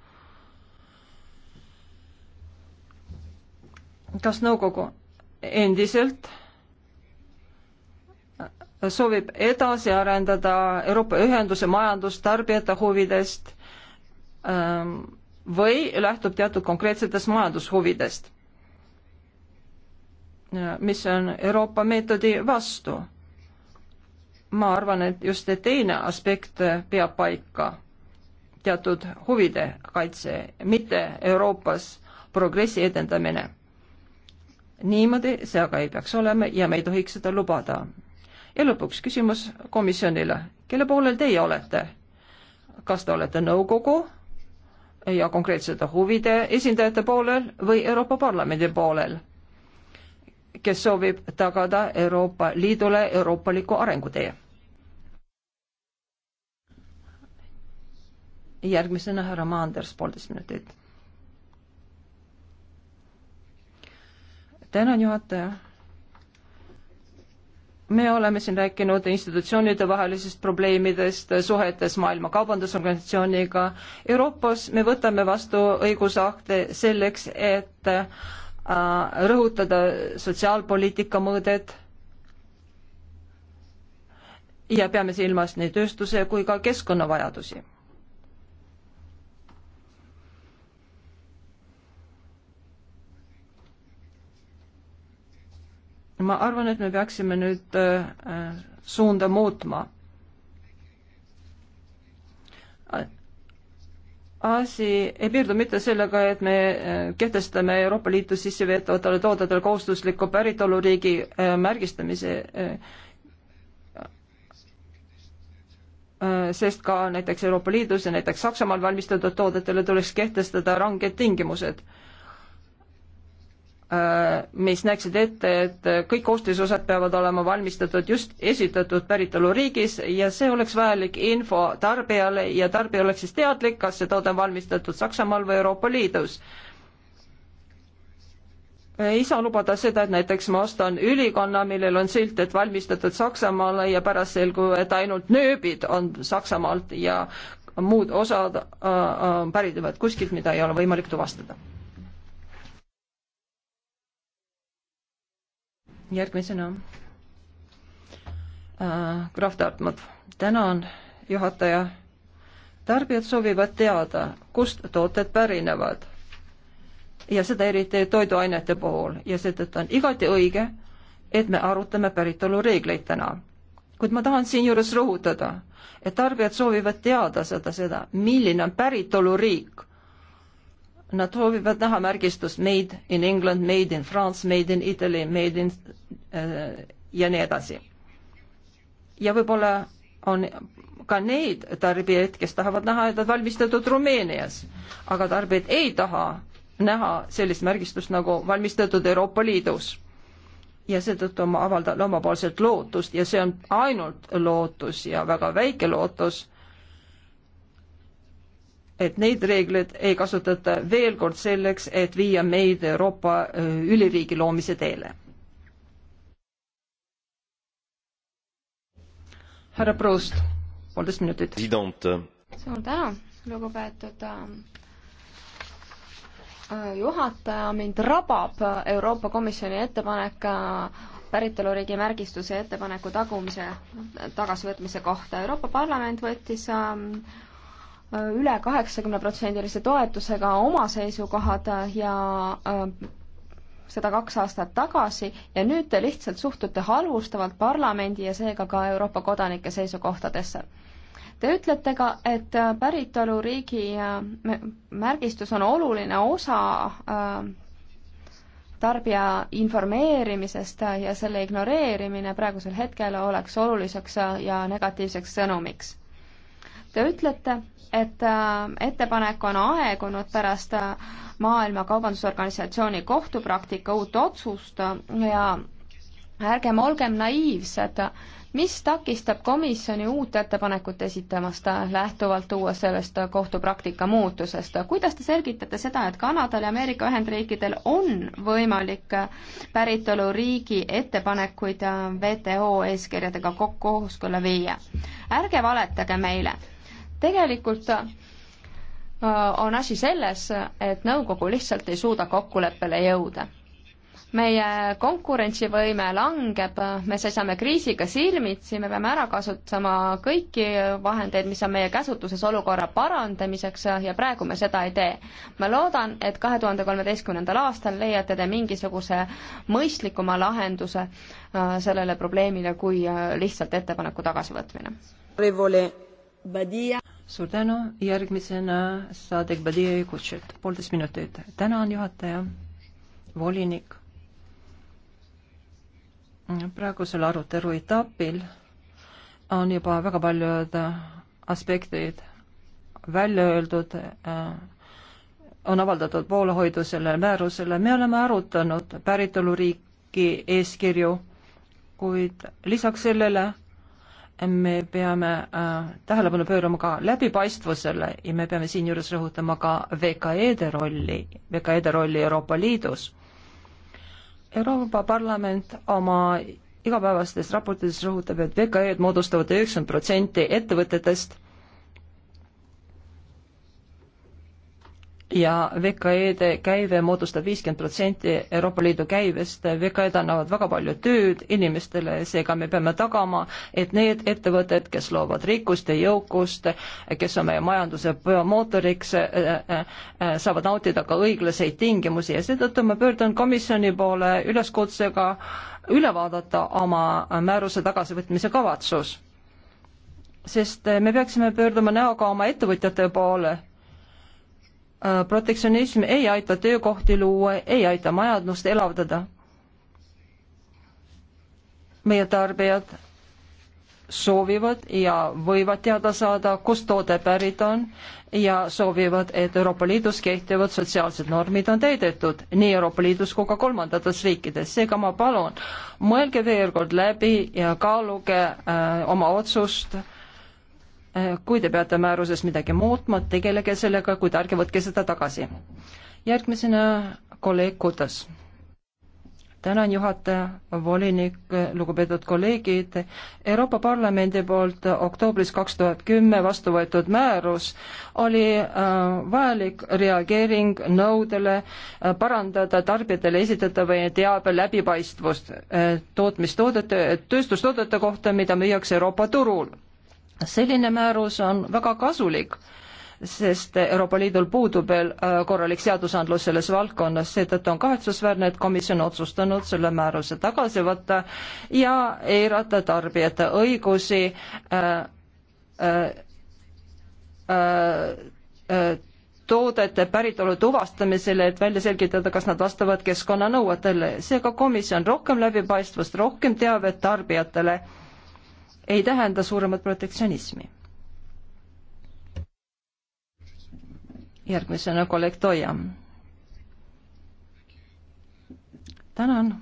kas nõukogu endiselt soovib edasi arendada Euroopa Ühenduse majandust tarbijate huvidest ähm, või lähtub teatud konkreetsetest majandushuvidest, äh, mis on Euroopa meetodi vastu. ma arvan, et just teine aspekt peab paika, teatud huvide kaitse, mitte Euroopas progressi edendamine niimoodi see aga ei peaks olema ja me ei tohiks seda lubada. ja lõpuks küsimus komisjonile, kelle poolel teie olete? kas te olete nõukogu ja konkreetsete huvide esindajate poolel või Euroopa Parlamendi poolel, kes soovib tagada Euroopa Liidule euroopaliku arengutee? järgmisena härra Maanders, poolteist minutit tänan, juhataja. me oleme siin rääkinud institutsioonide vahelisest probleemidest suhetes Maailma Kaubandusorganisatsiooniga. Euroopas me võtame vastu õigusakte selleks, et äh, rõhutada sotsiaalpoliitika mõõdet ja peame silmas nii tööstuse kui ka keskkonnavajadusi ma arvan, et me peaksime nüüd äh, äh, suunda muutma. asi ei piirdu mitte sellega, et me äh, kehtestame Euroopa Liitu sisse veetavatele toodetele kohustusliku päritoluriigi märgistamise, sest ka näiteks Euroopa Liidus ja näiteks Saksamaal valmistatud toodetele tuleks kehtestada ranged tingimused Äh, mis näeksid ette, et äh, kõik koostisosad peavad olema valmistatud just esitatud päritoluriigis ja see oleks vajalik info tarbijale ja tarbija oleks siis teadlik, kas see toode on valmistatud Saksamaal või Euroopa Liidus. ei saa lubada seda, et näiteks ma ostan ülikonna, millel on silt, et valmistatud Saksamaale ja pärast selgub, et ainult nööbid on Saksamaalt ja muud osad äh, äh, pärinevad kuskilt, mida ei ole võimalik tuvastada järgmisena äh, Graf Tartmut, tänan, juhataja. tarbijad soovivad teada, kust tooted pärinevad ja seda eriti toiduainete puhul ja seetõttu on igati õige, et me arutame päritolureegleid täna. kuid ma tahan siinjuures rõhutada, et tarbijad soovivad teada seda, seda, milline on päritoluriik Nad soovivad näha märgistust Made in England, Made in France, Made in Italy, Made in äh, ja nii edasi. ja võib-olla on ka neid tarbijaid, kes tahavad näha, et nad valmistatud Rumeenias, aga tarbijad ei taha näha sellist märgistust nagu valmistatud Euroopa Liidus. ja seetõttu ma avaldan omapoolset lootust ja see on ainult lootus ja väga väike lootus et neid reegleid ei kasutata veel kord selleks, et viia meid Euroopa äh, üliriigi loomise teele. härra Proust, poolteist minutit. suur tänu, lugupeetud äh, juhataja, mind rabab Euroopa Komisjoni ettepanek äh, päritoluriigi märgistuse ettepaneku tagumise, tagasivõtmise kohta. Euroopa Parlament võttis ähm, üle kaheksakümneprotsendilise toetusega oma seisukohad ja äh, seda kaks aastat tagasi ja nüüd te lihtsalt suhtute halvustavalt parlamendi ja seega ka Euroopa kodanike seisukohtadesse. Te ütlete ka, et äh, päritoluriigi äh, märgistus on oluline osa tarbija informeerimisest ja selle ignoreerimine praegusel hetkel oleks oluliseks ja negatiivseks sõnumiks Te ütlete, et äh, ettepanek on aegunud pärast äh, Maailma Kaubandusorganisatsiooni kohtupraktika uut otsust äh, ja ärgem olgem naiivsed, mis takistab komisjoni uut ettepanekut esitamast lähtuvalt uue sellest kohtupraktika muutusest? kuidas te selgitate seda, et Kanadal ja Ameerika Ühendriikidel on võimalik päritoluriigi ettepanekuid WTO eeskirjadega kooskõlla viia? ärge valetage meile, tegelikult äh, on asi selles, et nõukogu lihtsalt ei suuda kokkuleppele jõuda. meie konkurentsivõime langeb, me seisame kriisiga silmitsi, me peame ära kasutama kõiki vahendeid, mis on meie käsutuses olukorra parandamiseks ja praegu me seda ei tee. ma loodan, et kahe tuhande kolmeteistkümnendal aastal leiate te mingisuguse mõistlikuma lahenduse äh, sellele probleemile kui äh, lihtsalt ettepaneku tagasivõtmine. Badia suur tänu, järgmisena saadik Badia Kutšet, poolteist minutit. tänan, juhataja, volinik. praegusel arutelu etapil on juba väga paljud aspektid välja öeldud, äh, on avaldatud poolehoidu sellele määrusele, me oleme arutanud päritoluriiki eeskirju, kuid lisaks sellele me peame äh, tähelepanu pöörama ka läbipaistvusele ja me peame siinjuures rõhutama ka VKE-de rolli, VKE-de rolli Euroopa Liidus. Euroopa Parlament oma igapäevastes raportides rõhutab, et VKE-d moodustavad üheksakümmend protsenti ettevõtetest ja VKE-de käive moodustab viiskümmend protsenti Euroopa Liidu käivest, VKE-d annavad väga palju tööd inimestele, seega me peame tagama, et need ettevõtted, kes loovad rikkust ja jõukust, kes on meie majanduse mootoriks, äh, äh, äh, saavad nautida ka õiglaseid tingimusi ja seetõttu ma pöördun komisjoni poole üleskutsega üle vaadata oma määruse tagasivõtmise kavatsus. sest me peaksime pöörduma näoga oma ettevõtjate poole Äh, protektsionism ei aita töökohti luua, ei aita majandust elavdada. meie tarbijad soovivad ja võivad teada saada, kust toode pärit on ja soovivad, et Euroopa Liidus kehtivad sotsiaalsed normid on täidetud nii Euroopa Liidus kui ka kolmandates riikides. seega ma palun, mõelge veel kord läbi ja kaaluge äh, oma otsust äh, Äh, kui te peate määruses midagi muutma, tegelege sellega, kuid ärge võtke seda tagasi. järgmisena kolleeg Kutas. tänan, juhataja, volinik, äh, lugupeetud kolleegid. Euroopa Parlamendi poolt oktoobris kaks tuhat kümme vastu võetud määrus oli äh, vajalik reageering nõudele parandada tarbijatele esitatava teabe läbipaistvust tootmistoodete, tööstustoodete kohta, mida müüakse Euroopa turul selline määrus on väga kasulik, sest Euroopa Liidul puudub veel äh, korralik seadusandlus selles valdkonnas, seetõttu on kahetsusväärne, et komisjon otsustanud selle määruse tagasi võtta ja eirata tarbijate õigusi äh, äh, äh, äh, toodete päritolu tuvastamisele, et välja selgitada, kas nad vastavad keskkonnanõuetele. seega komisjon rohkem läbipaistvust, rohkem teavet tarbijatele ei tähenda suuremat protektsionismi. järgmisena kolleeg Toia. tänan.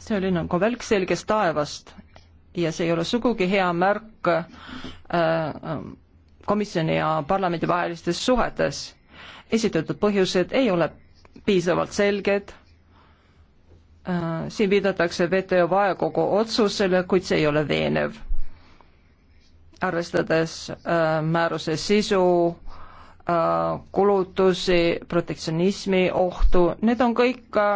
see oli nagu välk selgest taevast ja see ei ole sugugi hea märk äh, komisjoni ja parlamendi vahelistes suhetes. esitatud põhjused ei ole piisavalt selged Äh, siin viidatakse WTO vaekogu otsusele, kuid see ei ole veenev. arvestades äh, määruse sisu, äh, kulutusi, protektsionismi ohtu, need on kõik ka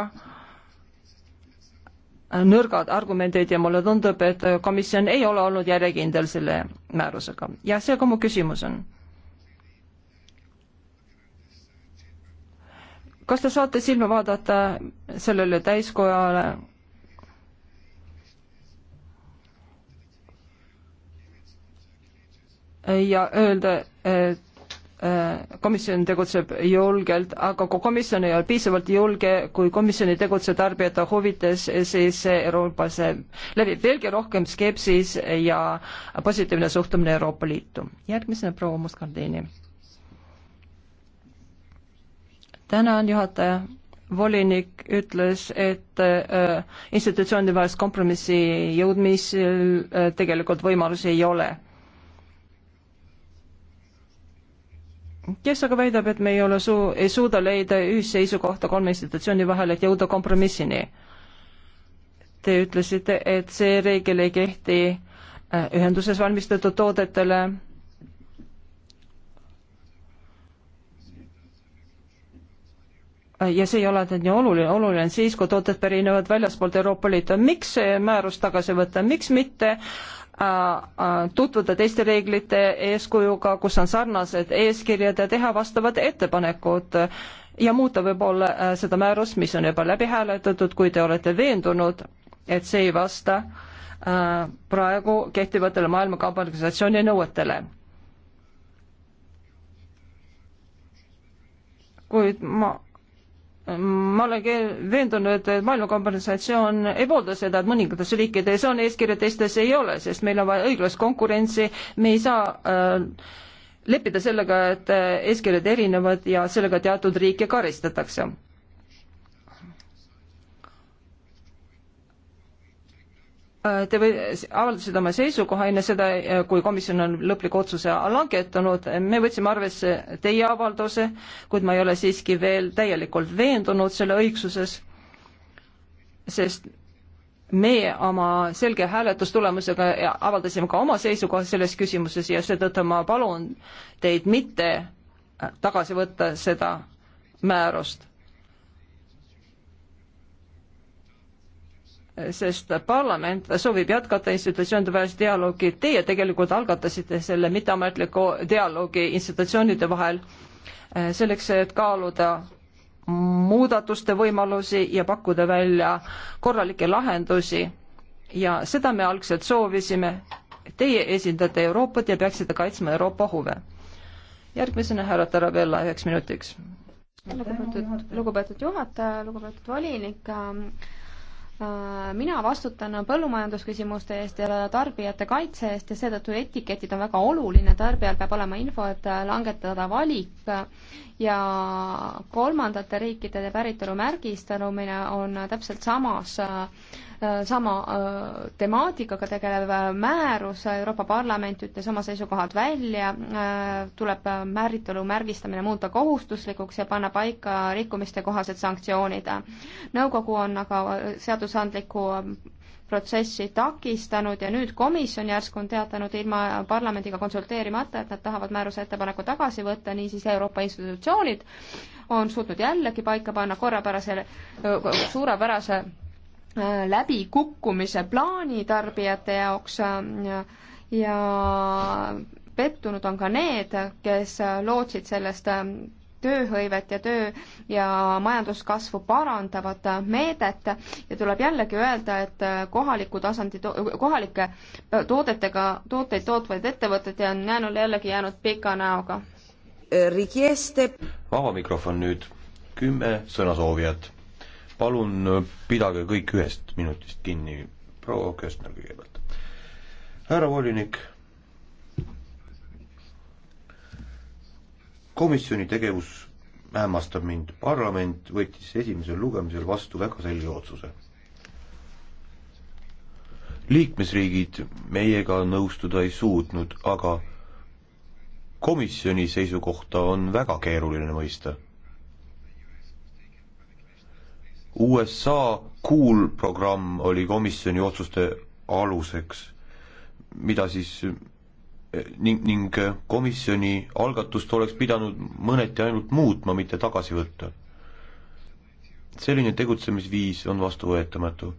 nõrgad argumendid ja mulle tundub, et komisjon ei ole olnud järjekindel selle määrusega ja seega mu küsimus on kas te saate silma vaadata sellele täiskojale? ja öelda, et äh, komisjon tegutseb julgelt, aga kui komisjon ei ole piisavalt julge, kui komisjon ei tegutse tarbijate huvides, siis Euroopas levib veelgi rohkem skepsis ja positiivne suhtumine Euroopa Liitu. järgmisena proua Muskardini tänan, juhataja. volinik ütles, et äh, institutsioonide vahelist kompromissi jõudmisel äh, tegelikult võimalusi ei ole kes aga väidab, et me ei ole suu-, ei suuda leida ühisseisukohta kolme institutsiooni vahel, et jõuda kompromissini? Te ütlesite, et see reegel ei kehti äh, ühenduses valmistatud toodetele ja see ei ole nüüd nii oluline, oluline on siis, kui tooted pärinevad väljaspoolt Euroopa Liitu. miks see määrus tagasi võtta, miks mitte äh, äh, tutvuda teiste reeglite eeskujuga, kus on sarnased eeskirjad ja teha vastavad ettepanekud ja muuta võib-olla äh, seda määrust, mis on juba läbi hääletatud, kui te olete veendunud, et see ei vasta praegu kehtivatele Maailma Kaubandusorganisatsiooni nõuetele kuid ma ma olen veendunud, et maailma kompensatsioon ei poolda seda, et mõningates riikides on eeskirja, teistes ei ole, sest meil on vaja õiglast konkurentsi, me ei saa äh, leppida sellega, et äh, eeskirjad erinevad ja sellega teatud riike karistatakse Te või, avaldasite oma seisukoha enne seda, kui komisjon on lõpliku otsuse langetanud, me võtsime arvesse teie avalduse, kuid ma ei ole siiski veel täielikult veendunud selle õigsuses, sest meie oma selge hääletustulemusega avaldasime ka oma seisukoha selles küsimuses ja seetõttu ma palun teid mitte tagasi võtta seda määrust sest parlament soovib jätkata institutsioonide vahelist dialoogi. Teie tegelikult algatasite selle mitteametliku dialoogi institutsioonide vahel eh, selleks, et kaaluda muudatuste võimalusi ja pakkuda välja korralikke lahendusi. ja seda me algselt soovisime. Teie esindate Euroopat ja peaksite kaitsma Euroopa huve. järgmisena härra Tarabella üheks minutiks. lugupeetud, lugupeetud juhataja, lugupeetud volinik ähm, Äh, mina vastutan põllumajandusküsimuste eest ja tarbijate kaitse eest ja seetõttu etiketid on väga oluline, tarbijal peab olema info, et langetada valik ja kolmandate riikide päritolu märgistamine on täpselt samas äh, Äh, sama äh, temaatikaga tegelev äh, määrus, Euroopa Parlament ütles oma seisukohad välja, tuleb määritolu märgistamine muuta kohustuslikuks ja panna paika rikkumiste kohased sanktsioonid. nõukogu on aga seadusandliku protsessi takistanud ja nüüd komisjon järsku on teatanud ilma parlamendiga konsulteerimata, et nad tahavad määruse ettepaneku tagasi võtta, niisiis Euroopa institutsioonid on suutnud jällegi paika panna korrapärase, suurepärase Äh, läbikukkumise plaani tarbijate jaoks äh, ja pettunud on ka need, kes lootsid sellest äh, tööhõivet ja töö ja majanduskasvu parandavat meedet ja tuleb jällegi öelda, et kohaliku tasandi, kohalike toodetega, tooteid tootvaid ettevõtteid on jäänud jällegi jäänud pika näoga. vaba mikrofon nüüd, kümme sõnasoovijat palun äh, pidage kõik ühest minutist kinni, proua Köstner kõigepealt. härra volinik, komisjoni tegevus hämmastab mind, parlament võttis esimesel lugemisel vastu väga selge otsuse. liikmesriigid meiega nõustuda ei suutnud, aga komisjoni seisukohta on väga keeruline mõista USA Cool programm oli komisjoni otsuste aluseks, mida siis eh, ning, ning komisjoni algatust oleks pidanud mõneti ainult muutma, mitte tagasi võtta. selline tegutsemisviis on vastuvõetamatu.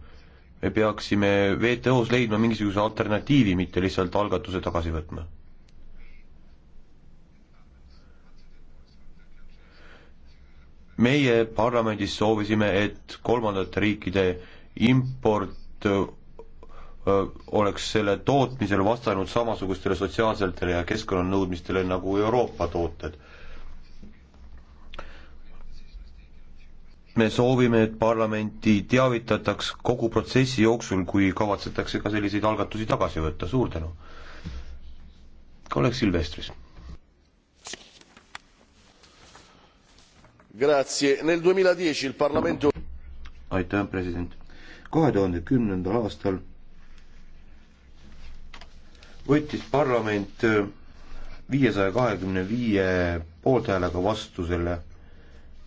me peaksime WTO-s leidma mingisuguse alternatiivi, mitte lihtsalt algatuse tagasi võtma meie parlamendis soovisime, et kolmandate riikide import äh, oleks selle tootmisel vastanud samasugustele sotsiaalsetele ja keskkonnanõudmistele nagu Euroopa tooted. me soovime, et parlamenti teavitataks kogu protsessi jooksul, kui kavatsetakse ka selliseid algatusi tagasi võtta, suur tänu. kolleeg Silvestris nel 2010 il parlamento aitäh, president. kahe tuhande kümnendal aastal võttis parlament äh, viiesaja kahekümne viie poolthäälega vastu selle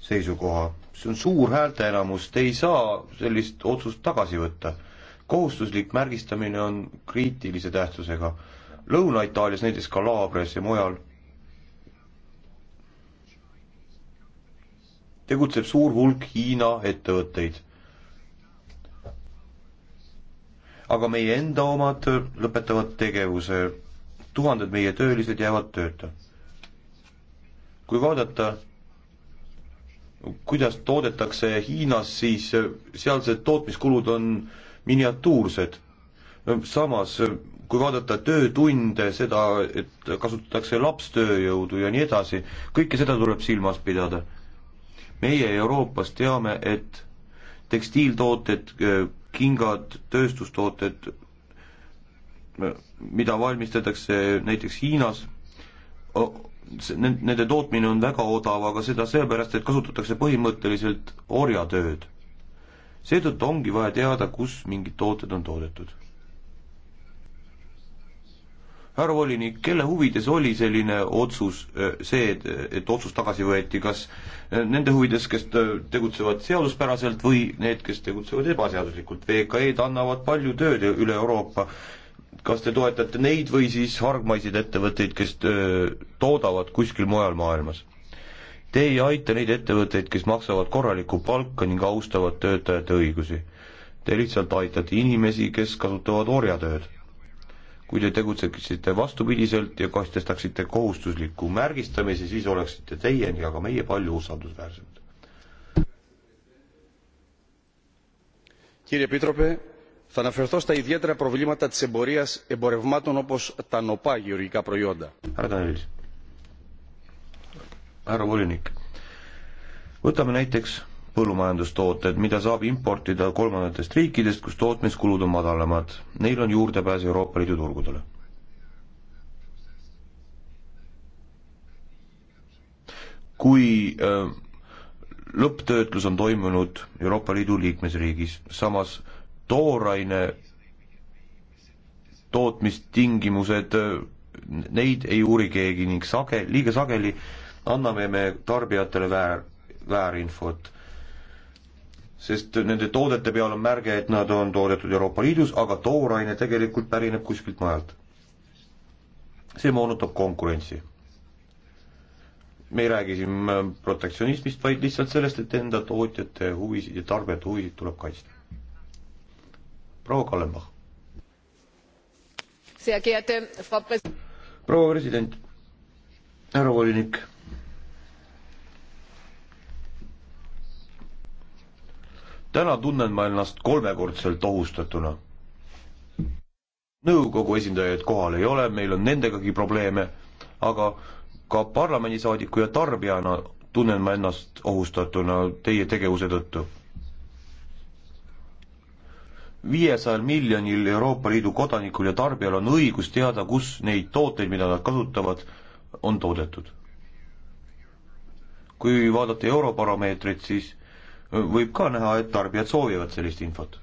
seisukoha. see on suur häälteenamus, te ei saa sellist otsust tagasi võtta. kohustuslik märgistamine on kriitilise tähtsusega. Lõuna-Itaalias, näiteks Kalabrias ja mujal tegutseb suur hulk Hiina ettevõtteid. aga meie enda omad lõpetavad tegevuse, tuhanded meie töölised jäävad tööta. kui vaadata, kuidas toodetakse Hiinas, siis sealsed tootmiskulud on miniatuursed. samas kui vaadata töötunde, seda, et kasutatakse lapstööjõudu ja nii edasi, kõike seda tuleb silmas pidada meie Euroopas teame, et tekstiiltooted, äh, kingad, tööstustooted, äh, mida valmistatakse näiteks Hiinas, nende tootmine on väga odav, aga seda sellepärast, et kasutatakse põhimõtteliselt orjatööd. seetõttu ongi vaja teada, kus mingid tooted on toodetud härra volinik, kelle huvides oli selline otsus, eh, see, et, et otsus tagasi võeti, kas eh, nende huvides, kes tegutsevad seaduspäraselt või need, kes tegutsevad ebaseaduslikult, VKE-d annavad palju tööd üle Euroopa, kas te toetate neid või siis hargmaiseid ettevõtteid, kes eh, toodavad kuskil mujal maailmas? Te ei aita neid ettevõtteid, kes maksavad korralikku palka ning austavad töötajate õigusi. Te lihtsalt aitate inimesi, kes kasutavad orjatööd kui te tegutseksite vastupidiselt ja kahtestaksite kohustusliku märgistamise, siis oleksite teie ja ka meie palju usaldusväärsemad. Κύριε Επίτροπε, θα αναφερθώ στα ιδιαίτερα προβλήματα της εμπορίας εμπορευμάτων όπως τα νοπά γεωργικά προϊόντα. Härra Volinik, võtame näiteks põllumajandustooted, mida saab importida kolmandatest riikidest, kus tootmiskulud on madalamad. Neil on juurdepääs Euroopa Liidu turgudele. kui äh, lõpptöötlus on toimunud Euroopa Liidu liikmesriigis, samas tooraine tootmistingimused, äh, neid ei uuri keegi ning sage, liiga sageli anname me tarbijatele väär, väärinfot sest nende toodete peal on märge, et nad on toodetud Euroopa Liidus, aga tooraine tegelikult pärineb kuskilt mujalt. see moonutab konkurentsi. me ei räägi siin protektsionismist, vaid lihtsalt sellest, et enda tootjate huvisid ja tarbijate huvisid tuleb kaitsta. proua Kallenbach. proua president, härra volinik täna tunnen ma ennast kolmekordselt ohustatuna. nõukogu esindajaid kohal ei ole, meil on nendegagi probleeme, aga ka parlamendisaadiku ja tarbijana tunnen ma ennast ohustatuna teie tegevuse tõttu. viiesajal miljonil Euroopa Liidu kodanikul ja tarbijal on õigus teada, kus neid tooteid, mida nad kasutavad, on toodetud. kui vaadata Eurobaromeetrit, siis võib ka näha, et tarbijad soovivad sellist infot.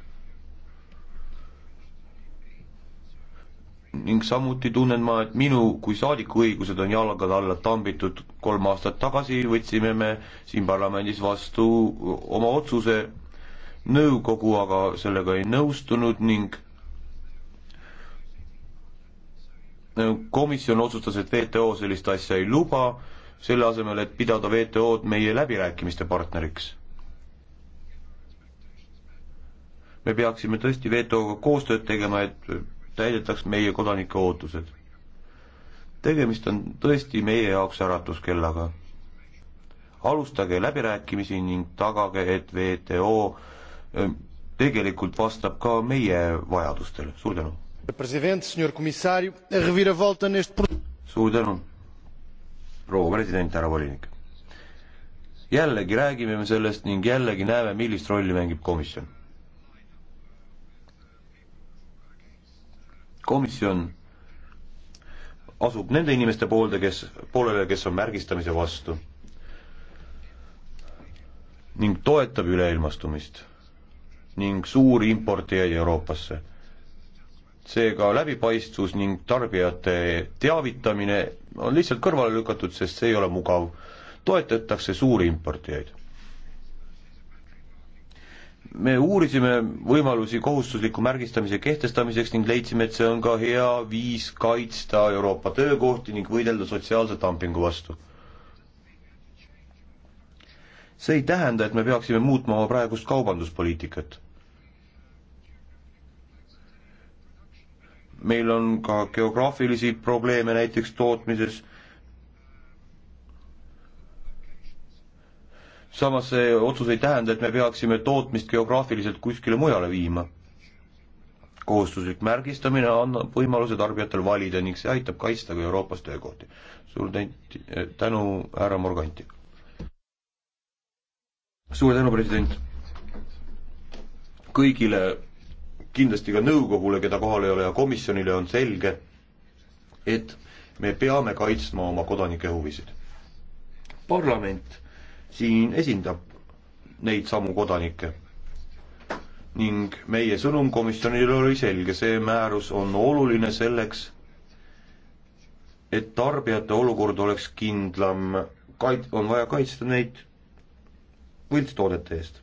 ning samuti tunnen ma, et minu kui saadiku õigused on jalgade alla tambitud, kolm aastat tagasi võtsime me siin parlamendis vastu oma otsuse, nõukogu aga sellega ei nõustunud ning komisjon otsustas, et WTO sellist asja ei luba, selle asemel, et pidada WTO-d meie läbirääkimiste partneriks me peaksime tõesti WTO-ga koostööd tegema, et täidetaks meie kodanike ootused. tegemist on tõesti meie jaoks äratuskellaga. alustage läbirääkimisi ning tagage, et WTO ähm, tegelikult vastab ka meie vajadustele, suur tänu. suur tänu, proua president, härra volinik. jällegi räägime me sellest ning jällegi näeme, millist rolli mängib komisjon komisjon asub nende inimeste poolde, kes, poolele, kes on märgistamise vastu ning toetab üleilmastumist ning suuri importijaid Euroopasse. seega läbipaistvus ning tarbijate teavitamine on lihtsalt kõrvale lükatud, sest see ei ole mugav. toetatakse suuri importijaid me uurisime võimalusi kohustusliku märgistamise kehtestamiseks ning leidsime, et see on ka hea viis kaitsta Euroopa töökohti ning võidelda sotsiaalse dumpingu vastu. see ei tähenda, et me peaksime muutma oma praegust kaubanduspoliitikat. meil on ka geograafilisi probleeme näiteks tootmises samas see otsus ei tähenda, et me peaksime tootmist geograafiliselt kuskile mujale viima. kohustuslik märgistamine annab võimaluse tarbijatel valida ning see aitab kaitsta ka Euroopas töökohti. suur tänu, härra Morganti. suur tänu, president. kõigile, kindlasti ka nõukogule, keda kohal ei ole, ja komisjonile on selge, et me peame kaitsma oma kodanike huvisid. parlament siin esindab neid samu kodanikke. ning meie sõnum komisjonile oli selge, see määrus on oluline selleks, et tarbijate olukord oleks kindlam, kait-, on vaja kaitsta neid võltstoodete eest.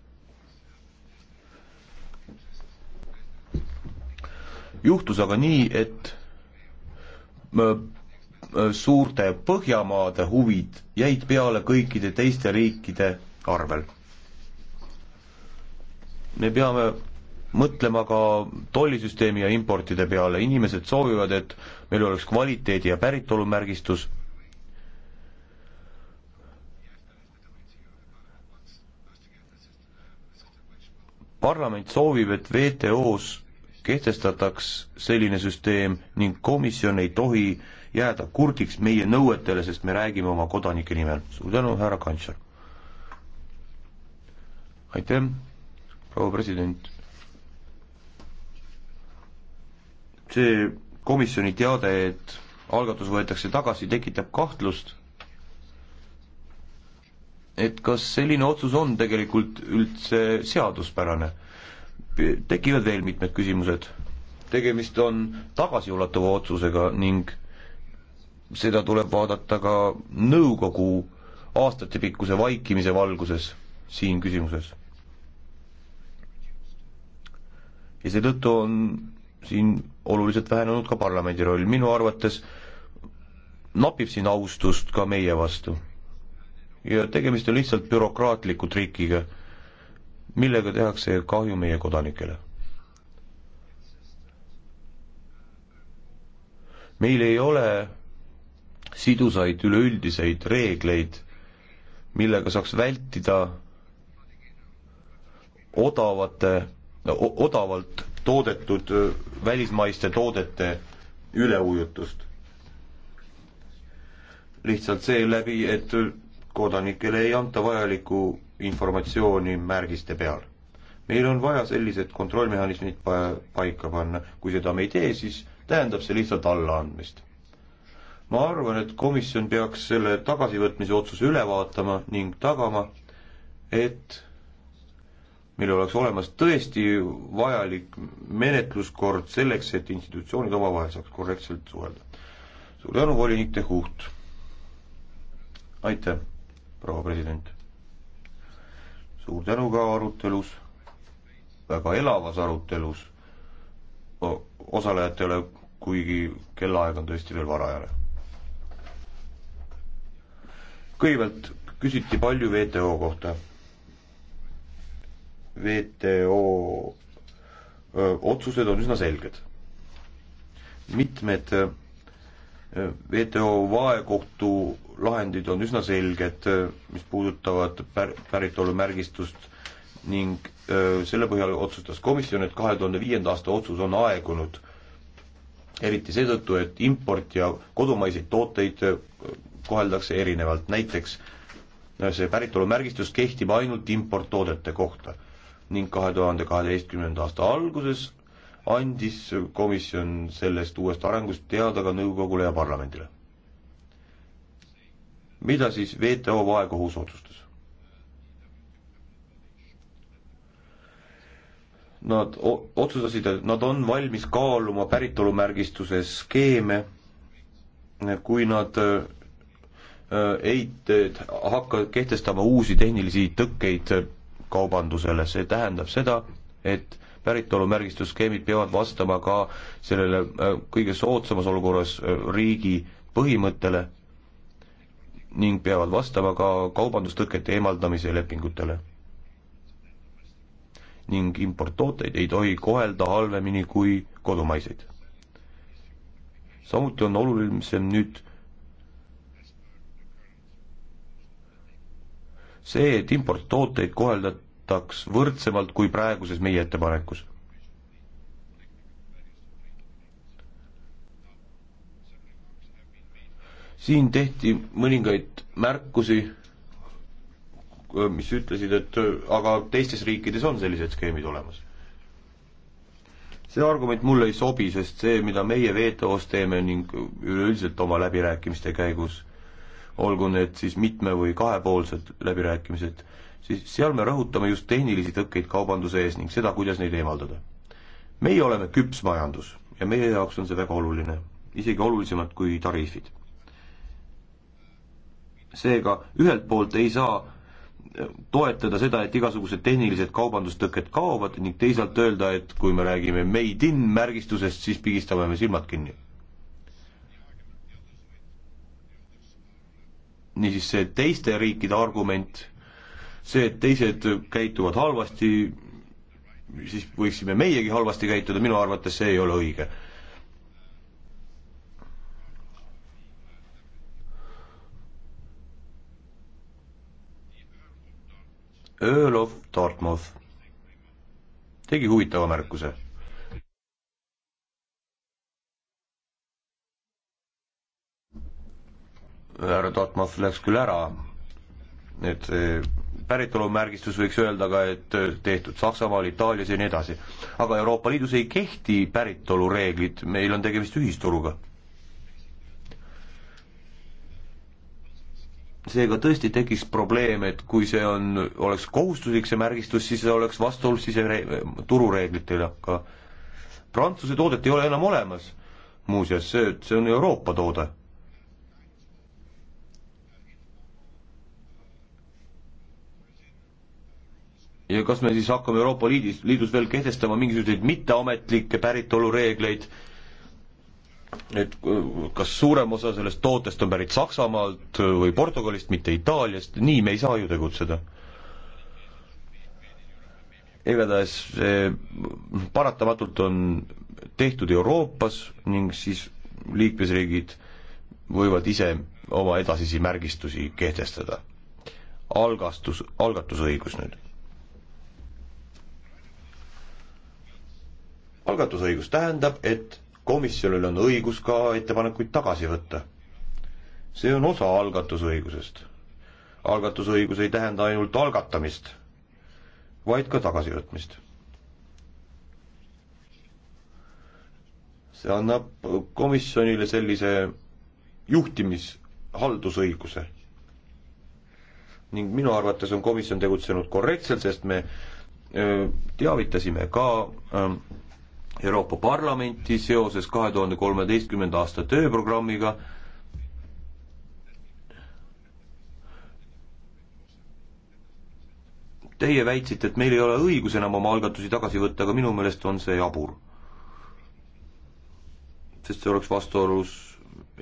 juhtus aga nii, et äh, Äh, suurte Põhjamaade huvid jäid peale kõikide teiste riikide arvel. me peame mõtlema ka tollisüsteemi ja importide peale, inimesed soovivad, et meil oleks kvaliteedi- ja päritolumärgistus, parlament soovib, et WTO-s kehtestataks selline süsteem ning komisjon ei tohi äh, jääda kurdiks meie nõuetele, sest me räägime oma kodanike nimel. suur tänu, härra kantsler. aitäh, proua president. see komisjoni teade, et algatus võetakse tagasi, tekitab kahtlust, et kas selline otsus on tegelikult üldse seaduspärane. tekivad veel mitmed küsimused. tegemist on tagasiulatuva otsusega ning seda tuleb vaadata ka nõukogu aastatepikkuse vaikimise valguses siin küsimuses. ja seetõttu on siin oluliselt vähenenud ka parlamendi roll, minu arvates napib siin austust ka meie vastu. ja tegemist on lihtsalt bürokraatliku trikiga, millega tehakse kahju meie kodanikele meil ei ole sidusaid üleüldiseid reegleid, millega saaks vältida odavate, odavalt toodetud välismaiste toodete üleujutust. lihtsalt seeläbi, et kodanikele ei anta vajalikku informatsiooni märgiste peal. meil on vaja sellised kontrollmehhanismid paika panna, kui seda me ei tee, siis tähendab see lihtsalt allaandmist ma arvan, et komisjon peaks selle tagasivõtmise otsuse üle vaatama ning tagama, et meil oleks olemas tõesti vajalik menetluskord selleks, et institutsioonid omavahel saaks korrektselt suhelda. suur tänu, volinik De Hucht! aitäh, proua president! suur tänu ka arutelus, väga elavas arutelus osalejatele, kuigi kellaaeg on tõesti veel varajane kõigepealt küsiti palju WTO kohta. WTO otsused on üsna selged. mitmed WTO vahekohtu lahendid on üsna selged, mis puudutavad pär-, päritolumärgistust ning öö, selle põhjal otsustas komisjon, et kahe tuhande viienda aasta otsus on aegunud, eriti seetõttu, et import ja kodumaiseid tooteid koheldakse erinevalt, näiteks äh, see päritolumärgistus kehtib ainult importtoodete kohta ning kahe tuhande kaheteistkümnenda aasta alguses andis komisjon sellest uuest arengust teada ka nõukogule ja parlamendile. mida siis WTO vahekohus otsustas? Nad otsustasid, et nad on valmis kaaluma päritolumärgistuse skeeme, kui nad äh, Äh, ei hakka kehtestama uusi tehnilisi tõkkeid kaubandusele, see tähendab seda, et päritolumärgistusskeemid peavad vastama ka sellele äh, kõige soodsamas olukorras äh, riigi põhimõttele ning peavad vastama ka kaubandustõkete eemaldamise lepingutele. ning importtooteid ei tohi kohelda halvemini kui kodumaiseid. samuti on olulisem nüüd see, et importtooteid koheldataks võrdsemalt kui praeguses meie ettepanekus. siin tehti mõningaid märkusi, mis ütlesid, et aga teistes riikides on sellised skeemid olemas see argument mulle ei sobi, sest see, mida meie WTO-s teeme ning üleüldiselt oma läbirääkimiste käigus olgu need siis mitme- või kahepoolsed läbirääkimised, siis seal me rõhutame just tehnilisi tõkkeid kaubanduse ees ning seda, kuidas neid eemaldada. meie oleme küps majandus ja meie jaoks on see väga oluline, isegi olulisemad kui tariifid. seega ühelt poolt ei saa eh, toetada seda, et igasugused tehnilised kaubandustõkked kaovad ning teisalt öelda, et kui me räägime made in märgistusest, siis pigistame me silmad kinni niisiis see teiste riikide argument, see, et teised käituvad halvasti, siis võiksime meiegi halvasti käituda, minu arvates see ei ole õige. Earl of Dartmouth tegi huvitava märkuse härra Tatmas läks küll ära, et e, päritolumärgistus võiks öelda ka, et e, tehtud Saksamaal, Itaalias ja nii edasi. aga Euroopa Liidus ei kehti päritolureeglid, meil on tegemist ühisturuga. seega tõesti tekiks probleem, et kui see on, oleks kohustuslik, see märgistus, siis see oleks vastuolus siseturureeglitele, aga Prantsuse toodet ei ole enam olemas. muuseas, see, see on Euroopa toode ja kas me siis hakkame Euroopa Liidis, Liidus veel kehtestama mingisuguseid mitteametlikke päritolureegleid, et kas suurem osa sellest tootest on pärit Saksamaalt või Portugalist, mitte Itaaliast, nii me ei saa ju tegutseda. igatahes see eh, paratamatult on tehtud Euroopas ning siis liikmesriigid võivad ise oma edasisi märgistusi kehtestada. algastus, algatusõigus nüüd algatusõigus tähendab, et komisjonil on õigus ka ettepanekuid tagasi võtta. see on osa algatusõigusest. algatusõigus ei tähenda ainult algatamist, vaid ka tagasivõtmist. see annab komisjonile sellise juhtimishaldusõiguse. ning minu arvates on komisjon tegutsenud korrektselt, sest me öö, äh, teavitasime ka öö, ähm, Euroopa Parlamenti seoses kahe tuhande kolmeteistkümnenda aasta tööprogrammiga. Teie väitsite, et meil ei ole õigus enam oma algatusi tagasi võtta, aga minu meelest on see jabur. sest see oleks vastuolus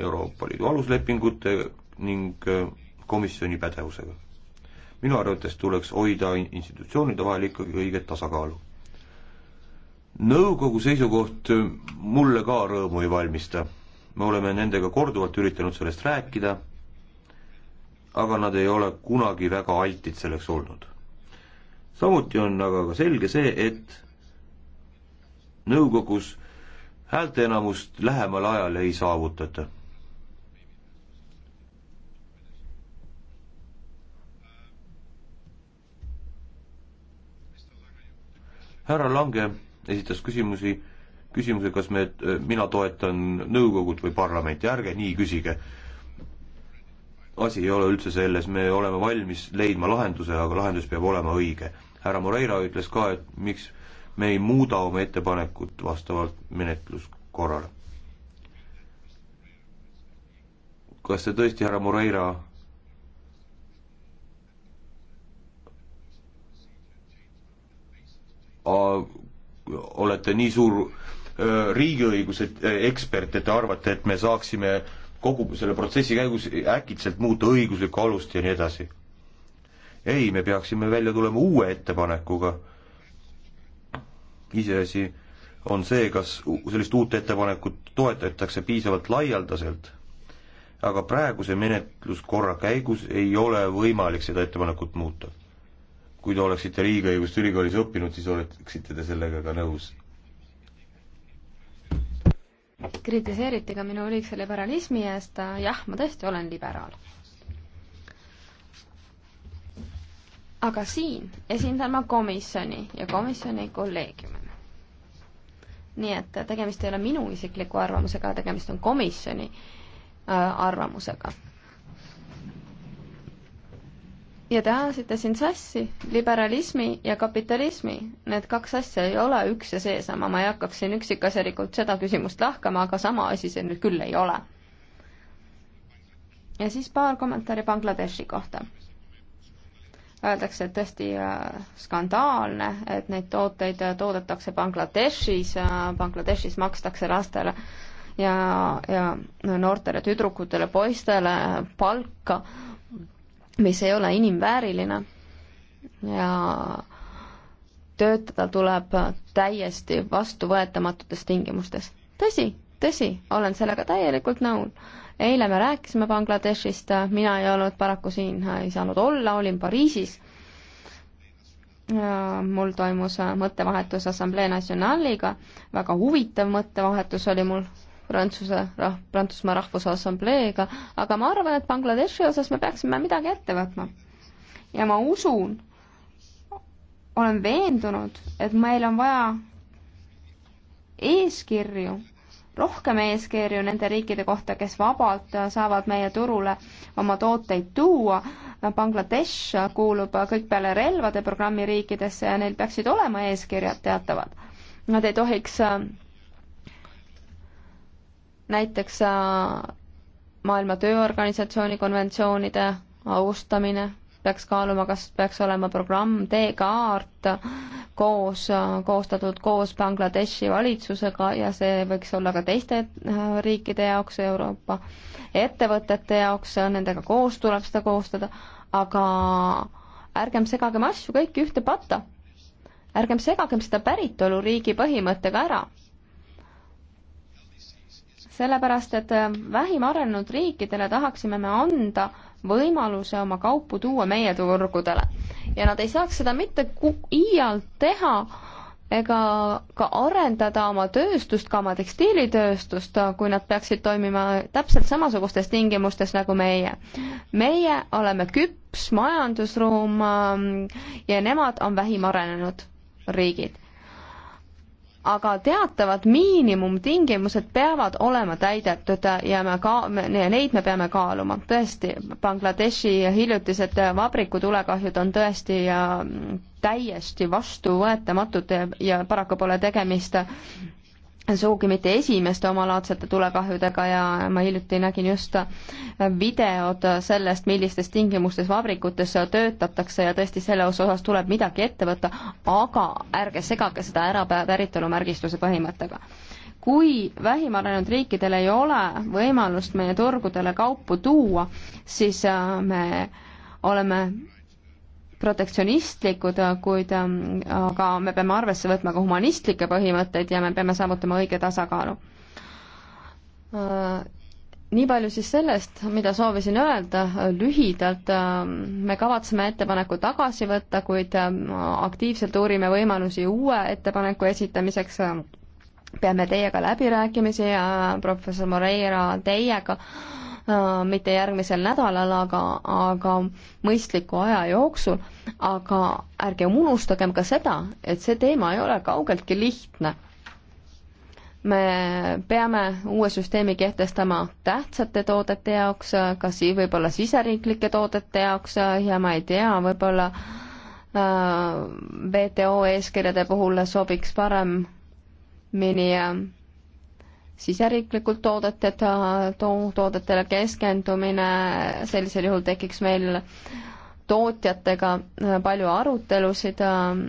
Euroopa Liidu aluslepingute ning äh, komisjoni pädevusega. minu arvates tuleks hoida institutsioonide vahel ikkagi õiget tasakaalu nõukogu seisukoht mulle ka rõõmu ei valmista. me oleme nendega korduvalt üritanud sellest rääkida, aga nad ei ole kunagi väga altid selleks olnud. samuti on aga ka selge see, et nõukogus häälteenamust lähemal ajal ei saavutata. härra Lange esitas küsimusi, küsimuse, kas me, äh, mina toetan nõukogud või parlamenti, ärge nii küsige. asi ei ole üldse selles, me oleme valmis leidma lahenduse, aga lahendus peab olema õige. härra Moreira ütles ka, et miks me ei muuda oma ettepanekut vastavalt menetluskorrale. kas te tõesti, härra Moreira, olete nii suur riigiõiguse äh, ekspert, et te arvate, et me saaksime kogu selle protsessi käigus äkitselt muuta õiguslikku alust ja nii edasi. ei, me peaksime välja tulema uue ettepanekuga. iseasi on see, kas sellist uut ettepanekut toetatakse piisavalt laialdaselt, aga praeguse menetluskorra käigus ei ole võimalik seda ettepanekut muuta kui te oleksite riigiõigust ülikoolis õppinud, siis oleksite te sellega ka nõus. kritiseeriti ka minu ülikse liberalismi eest, jah, ma tõesti olen liberaal. aga siin esindan ma komisjoni ja komisjoni kolleegiumi. nii et tegemist ei ole minu isikliku arvamusega, tegemist on komisjoni äh, arvamusega ja te ajasite siin sassi liberalismi ja kapitalismi. Need kaks asja ei ole üks ja seesama, ma ei hakkaks siin üksikasjalikult seda küsimust lahkama, aga sama asi see nüüd küll ei ole. ja siis paar kommentaari Bangladeshi kohta. Öeldakse, et tõesti äh, skandaalne, et neid tooteid äh, toodetakse Bangladeshis, äh, Bangladeshis makstakse lastele ja, ja noortele tüdrukutele, poistele palka mis ei ole inimvääriline ja töötada tuleb täiesti vastuvõetamatutes tingimustes. tõsi, tõsi, olen sellega täielikult nõul. eile me rääkisime Bangladeshist, mina ei olnud paraku siin, ei saanud olla, olin Pariisis. mul toimus mõttevahetus Assamblee Nationaliga, väga huvitav mõttevahetus oli mul Prantsuse rah-, Prantsusmaa Rahvuse Assambleega, aga ma arvan, et Bangladeshi osas me peaksime midagi ette võtma. ja ma usun, olen veendunud, et meil on vaja eeskirju, rohkem eeskirju nende riikide kohta, kes vabalt saavad meie turule oma tooteid tuua. Bangladesh kuulub kõik peale relvade programmi riikidesse ja neil peaksid olema eeskirjad teatavad. Nad ei tohiks näiteks äh, Maailma Tööorganisatsiooni konventsioonide austamine, peaks kaaluma, kas peaks olema programm, teekaart koos, koostatud koos Bangladeshi valitsusega ja see võiks olla ka teiste äh, riikide jaoks, Euroopa ettevõtete jaoks, nendega koos tuleb seda koostada, aga ärgem segagem asju kõiki ühte patta. ärgem segagem seda päritoluriigi põhimõttega ära sellepärast et äh, vähim arenenud riikidele tahaksime me anda võimaluse oma kaupu tuua meie turgudele. ja nad ei saaks seda mitte iialt teha ega ka arendada oma tööstust, ka oma tekstiilitööstust, kui nad peaksid toimima täpselt samasugustes tingimustes nagu meie. meie oleme küps majandusruum ähm, ja nemad on vähim arenenud riigid aga teatavad miinimumtingimused peavad olema täidetud ja me ka-, ja neid me peame kaaluma. tõesti, Bangladeshi hiljutised vabrikutulekahjud on tõesti ja äh, täiesti vastuvõetamatud ja paraku pole tegemist sugugi mitte esimeste omalaadsete tulekahjudega ja ma hiljuti nägin just videod sellest, millistes tingimustes vabrikutes töötatakse ja tõesti selle osas tuleb midagi ette võtta, aga ärge segage seda ära päritolumärgistuse põhimõttega. kui vähim arenenud riikidel ei ole võimalust meie turgudele kaupu tuua, siis äh, me oleme protektsionistlikud, kuid ähm, aga me peame arvesse võtma ka humanistlikke põhimõtteid ja me peame saavutama õige tasakaalu. Äh, nii palju siis sellest, mida soovisin öelda, lühidalt ähm, me kavatseme ettepaneku tagasi võtta, kuid ähm, aktiivselt uurime võimalusi uue ettepaneku esitamiseks, peame teiega läbirääkimisi ja äh, professor Moreira teiega äh, Äh, mitte järgmisel nädalal, aga, aga mõistliku aja jooksul, aga ärgem unustagem ka seda, et see teema ei ole kaugeltki lihtne. me peame uue süsteemi kehtestama tähtsate toodete jaoks, ka sii-, võib-olla siseriiklike toodete jaoks ja ma ei tea, võib-olla äh, WTO eeskirjade puhul sobiks paremini äh, siseriiklikult toodete to,, toodetele keskendumine, sellisel juhul tekiks meil tootjatega äh, palju arutelusid. Äh,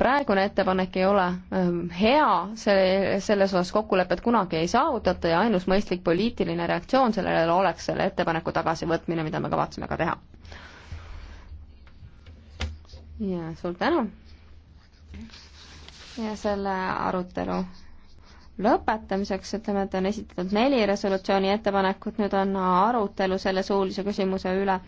praegune ettepanek ei ole äh, hea, see, selles osas kokkulepet kunagi ei saavutata ja ainus mõistlik poliitiline reaktsioon sellele oleks selle ettepaneku tagasivõtmine, mida me kavatseme ka teha. ja suur tänu ja selle arutelu lõpetamiseks, ütleme, et on esitatud neli resolutsiooni ettepanekut, nüüd on arutelu selle suulise küsimuse üle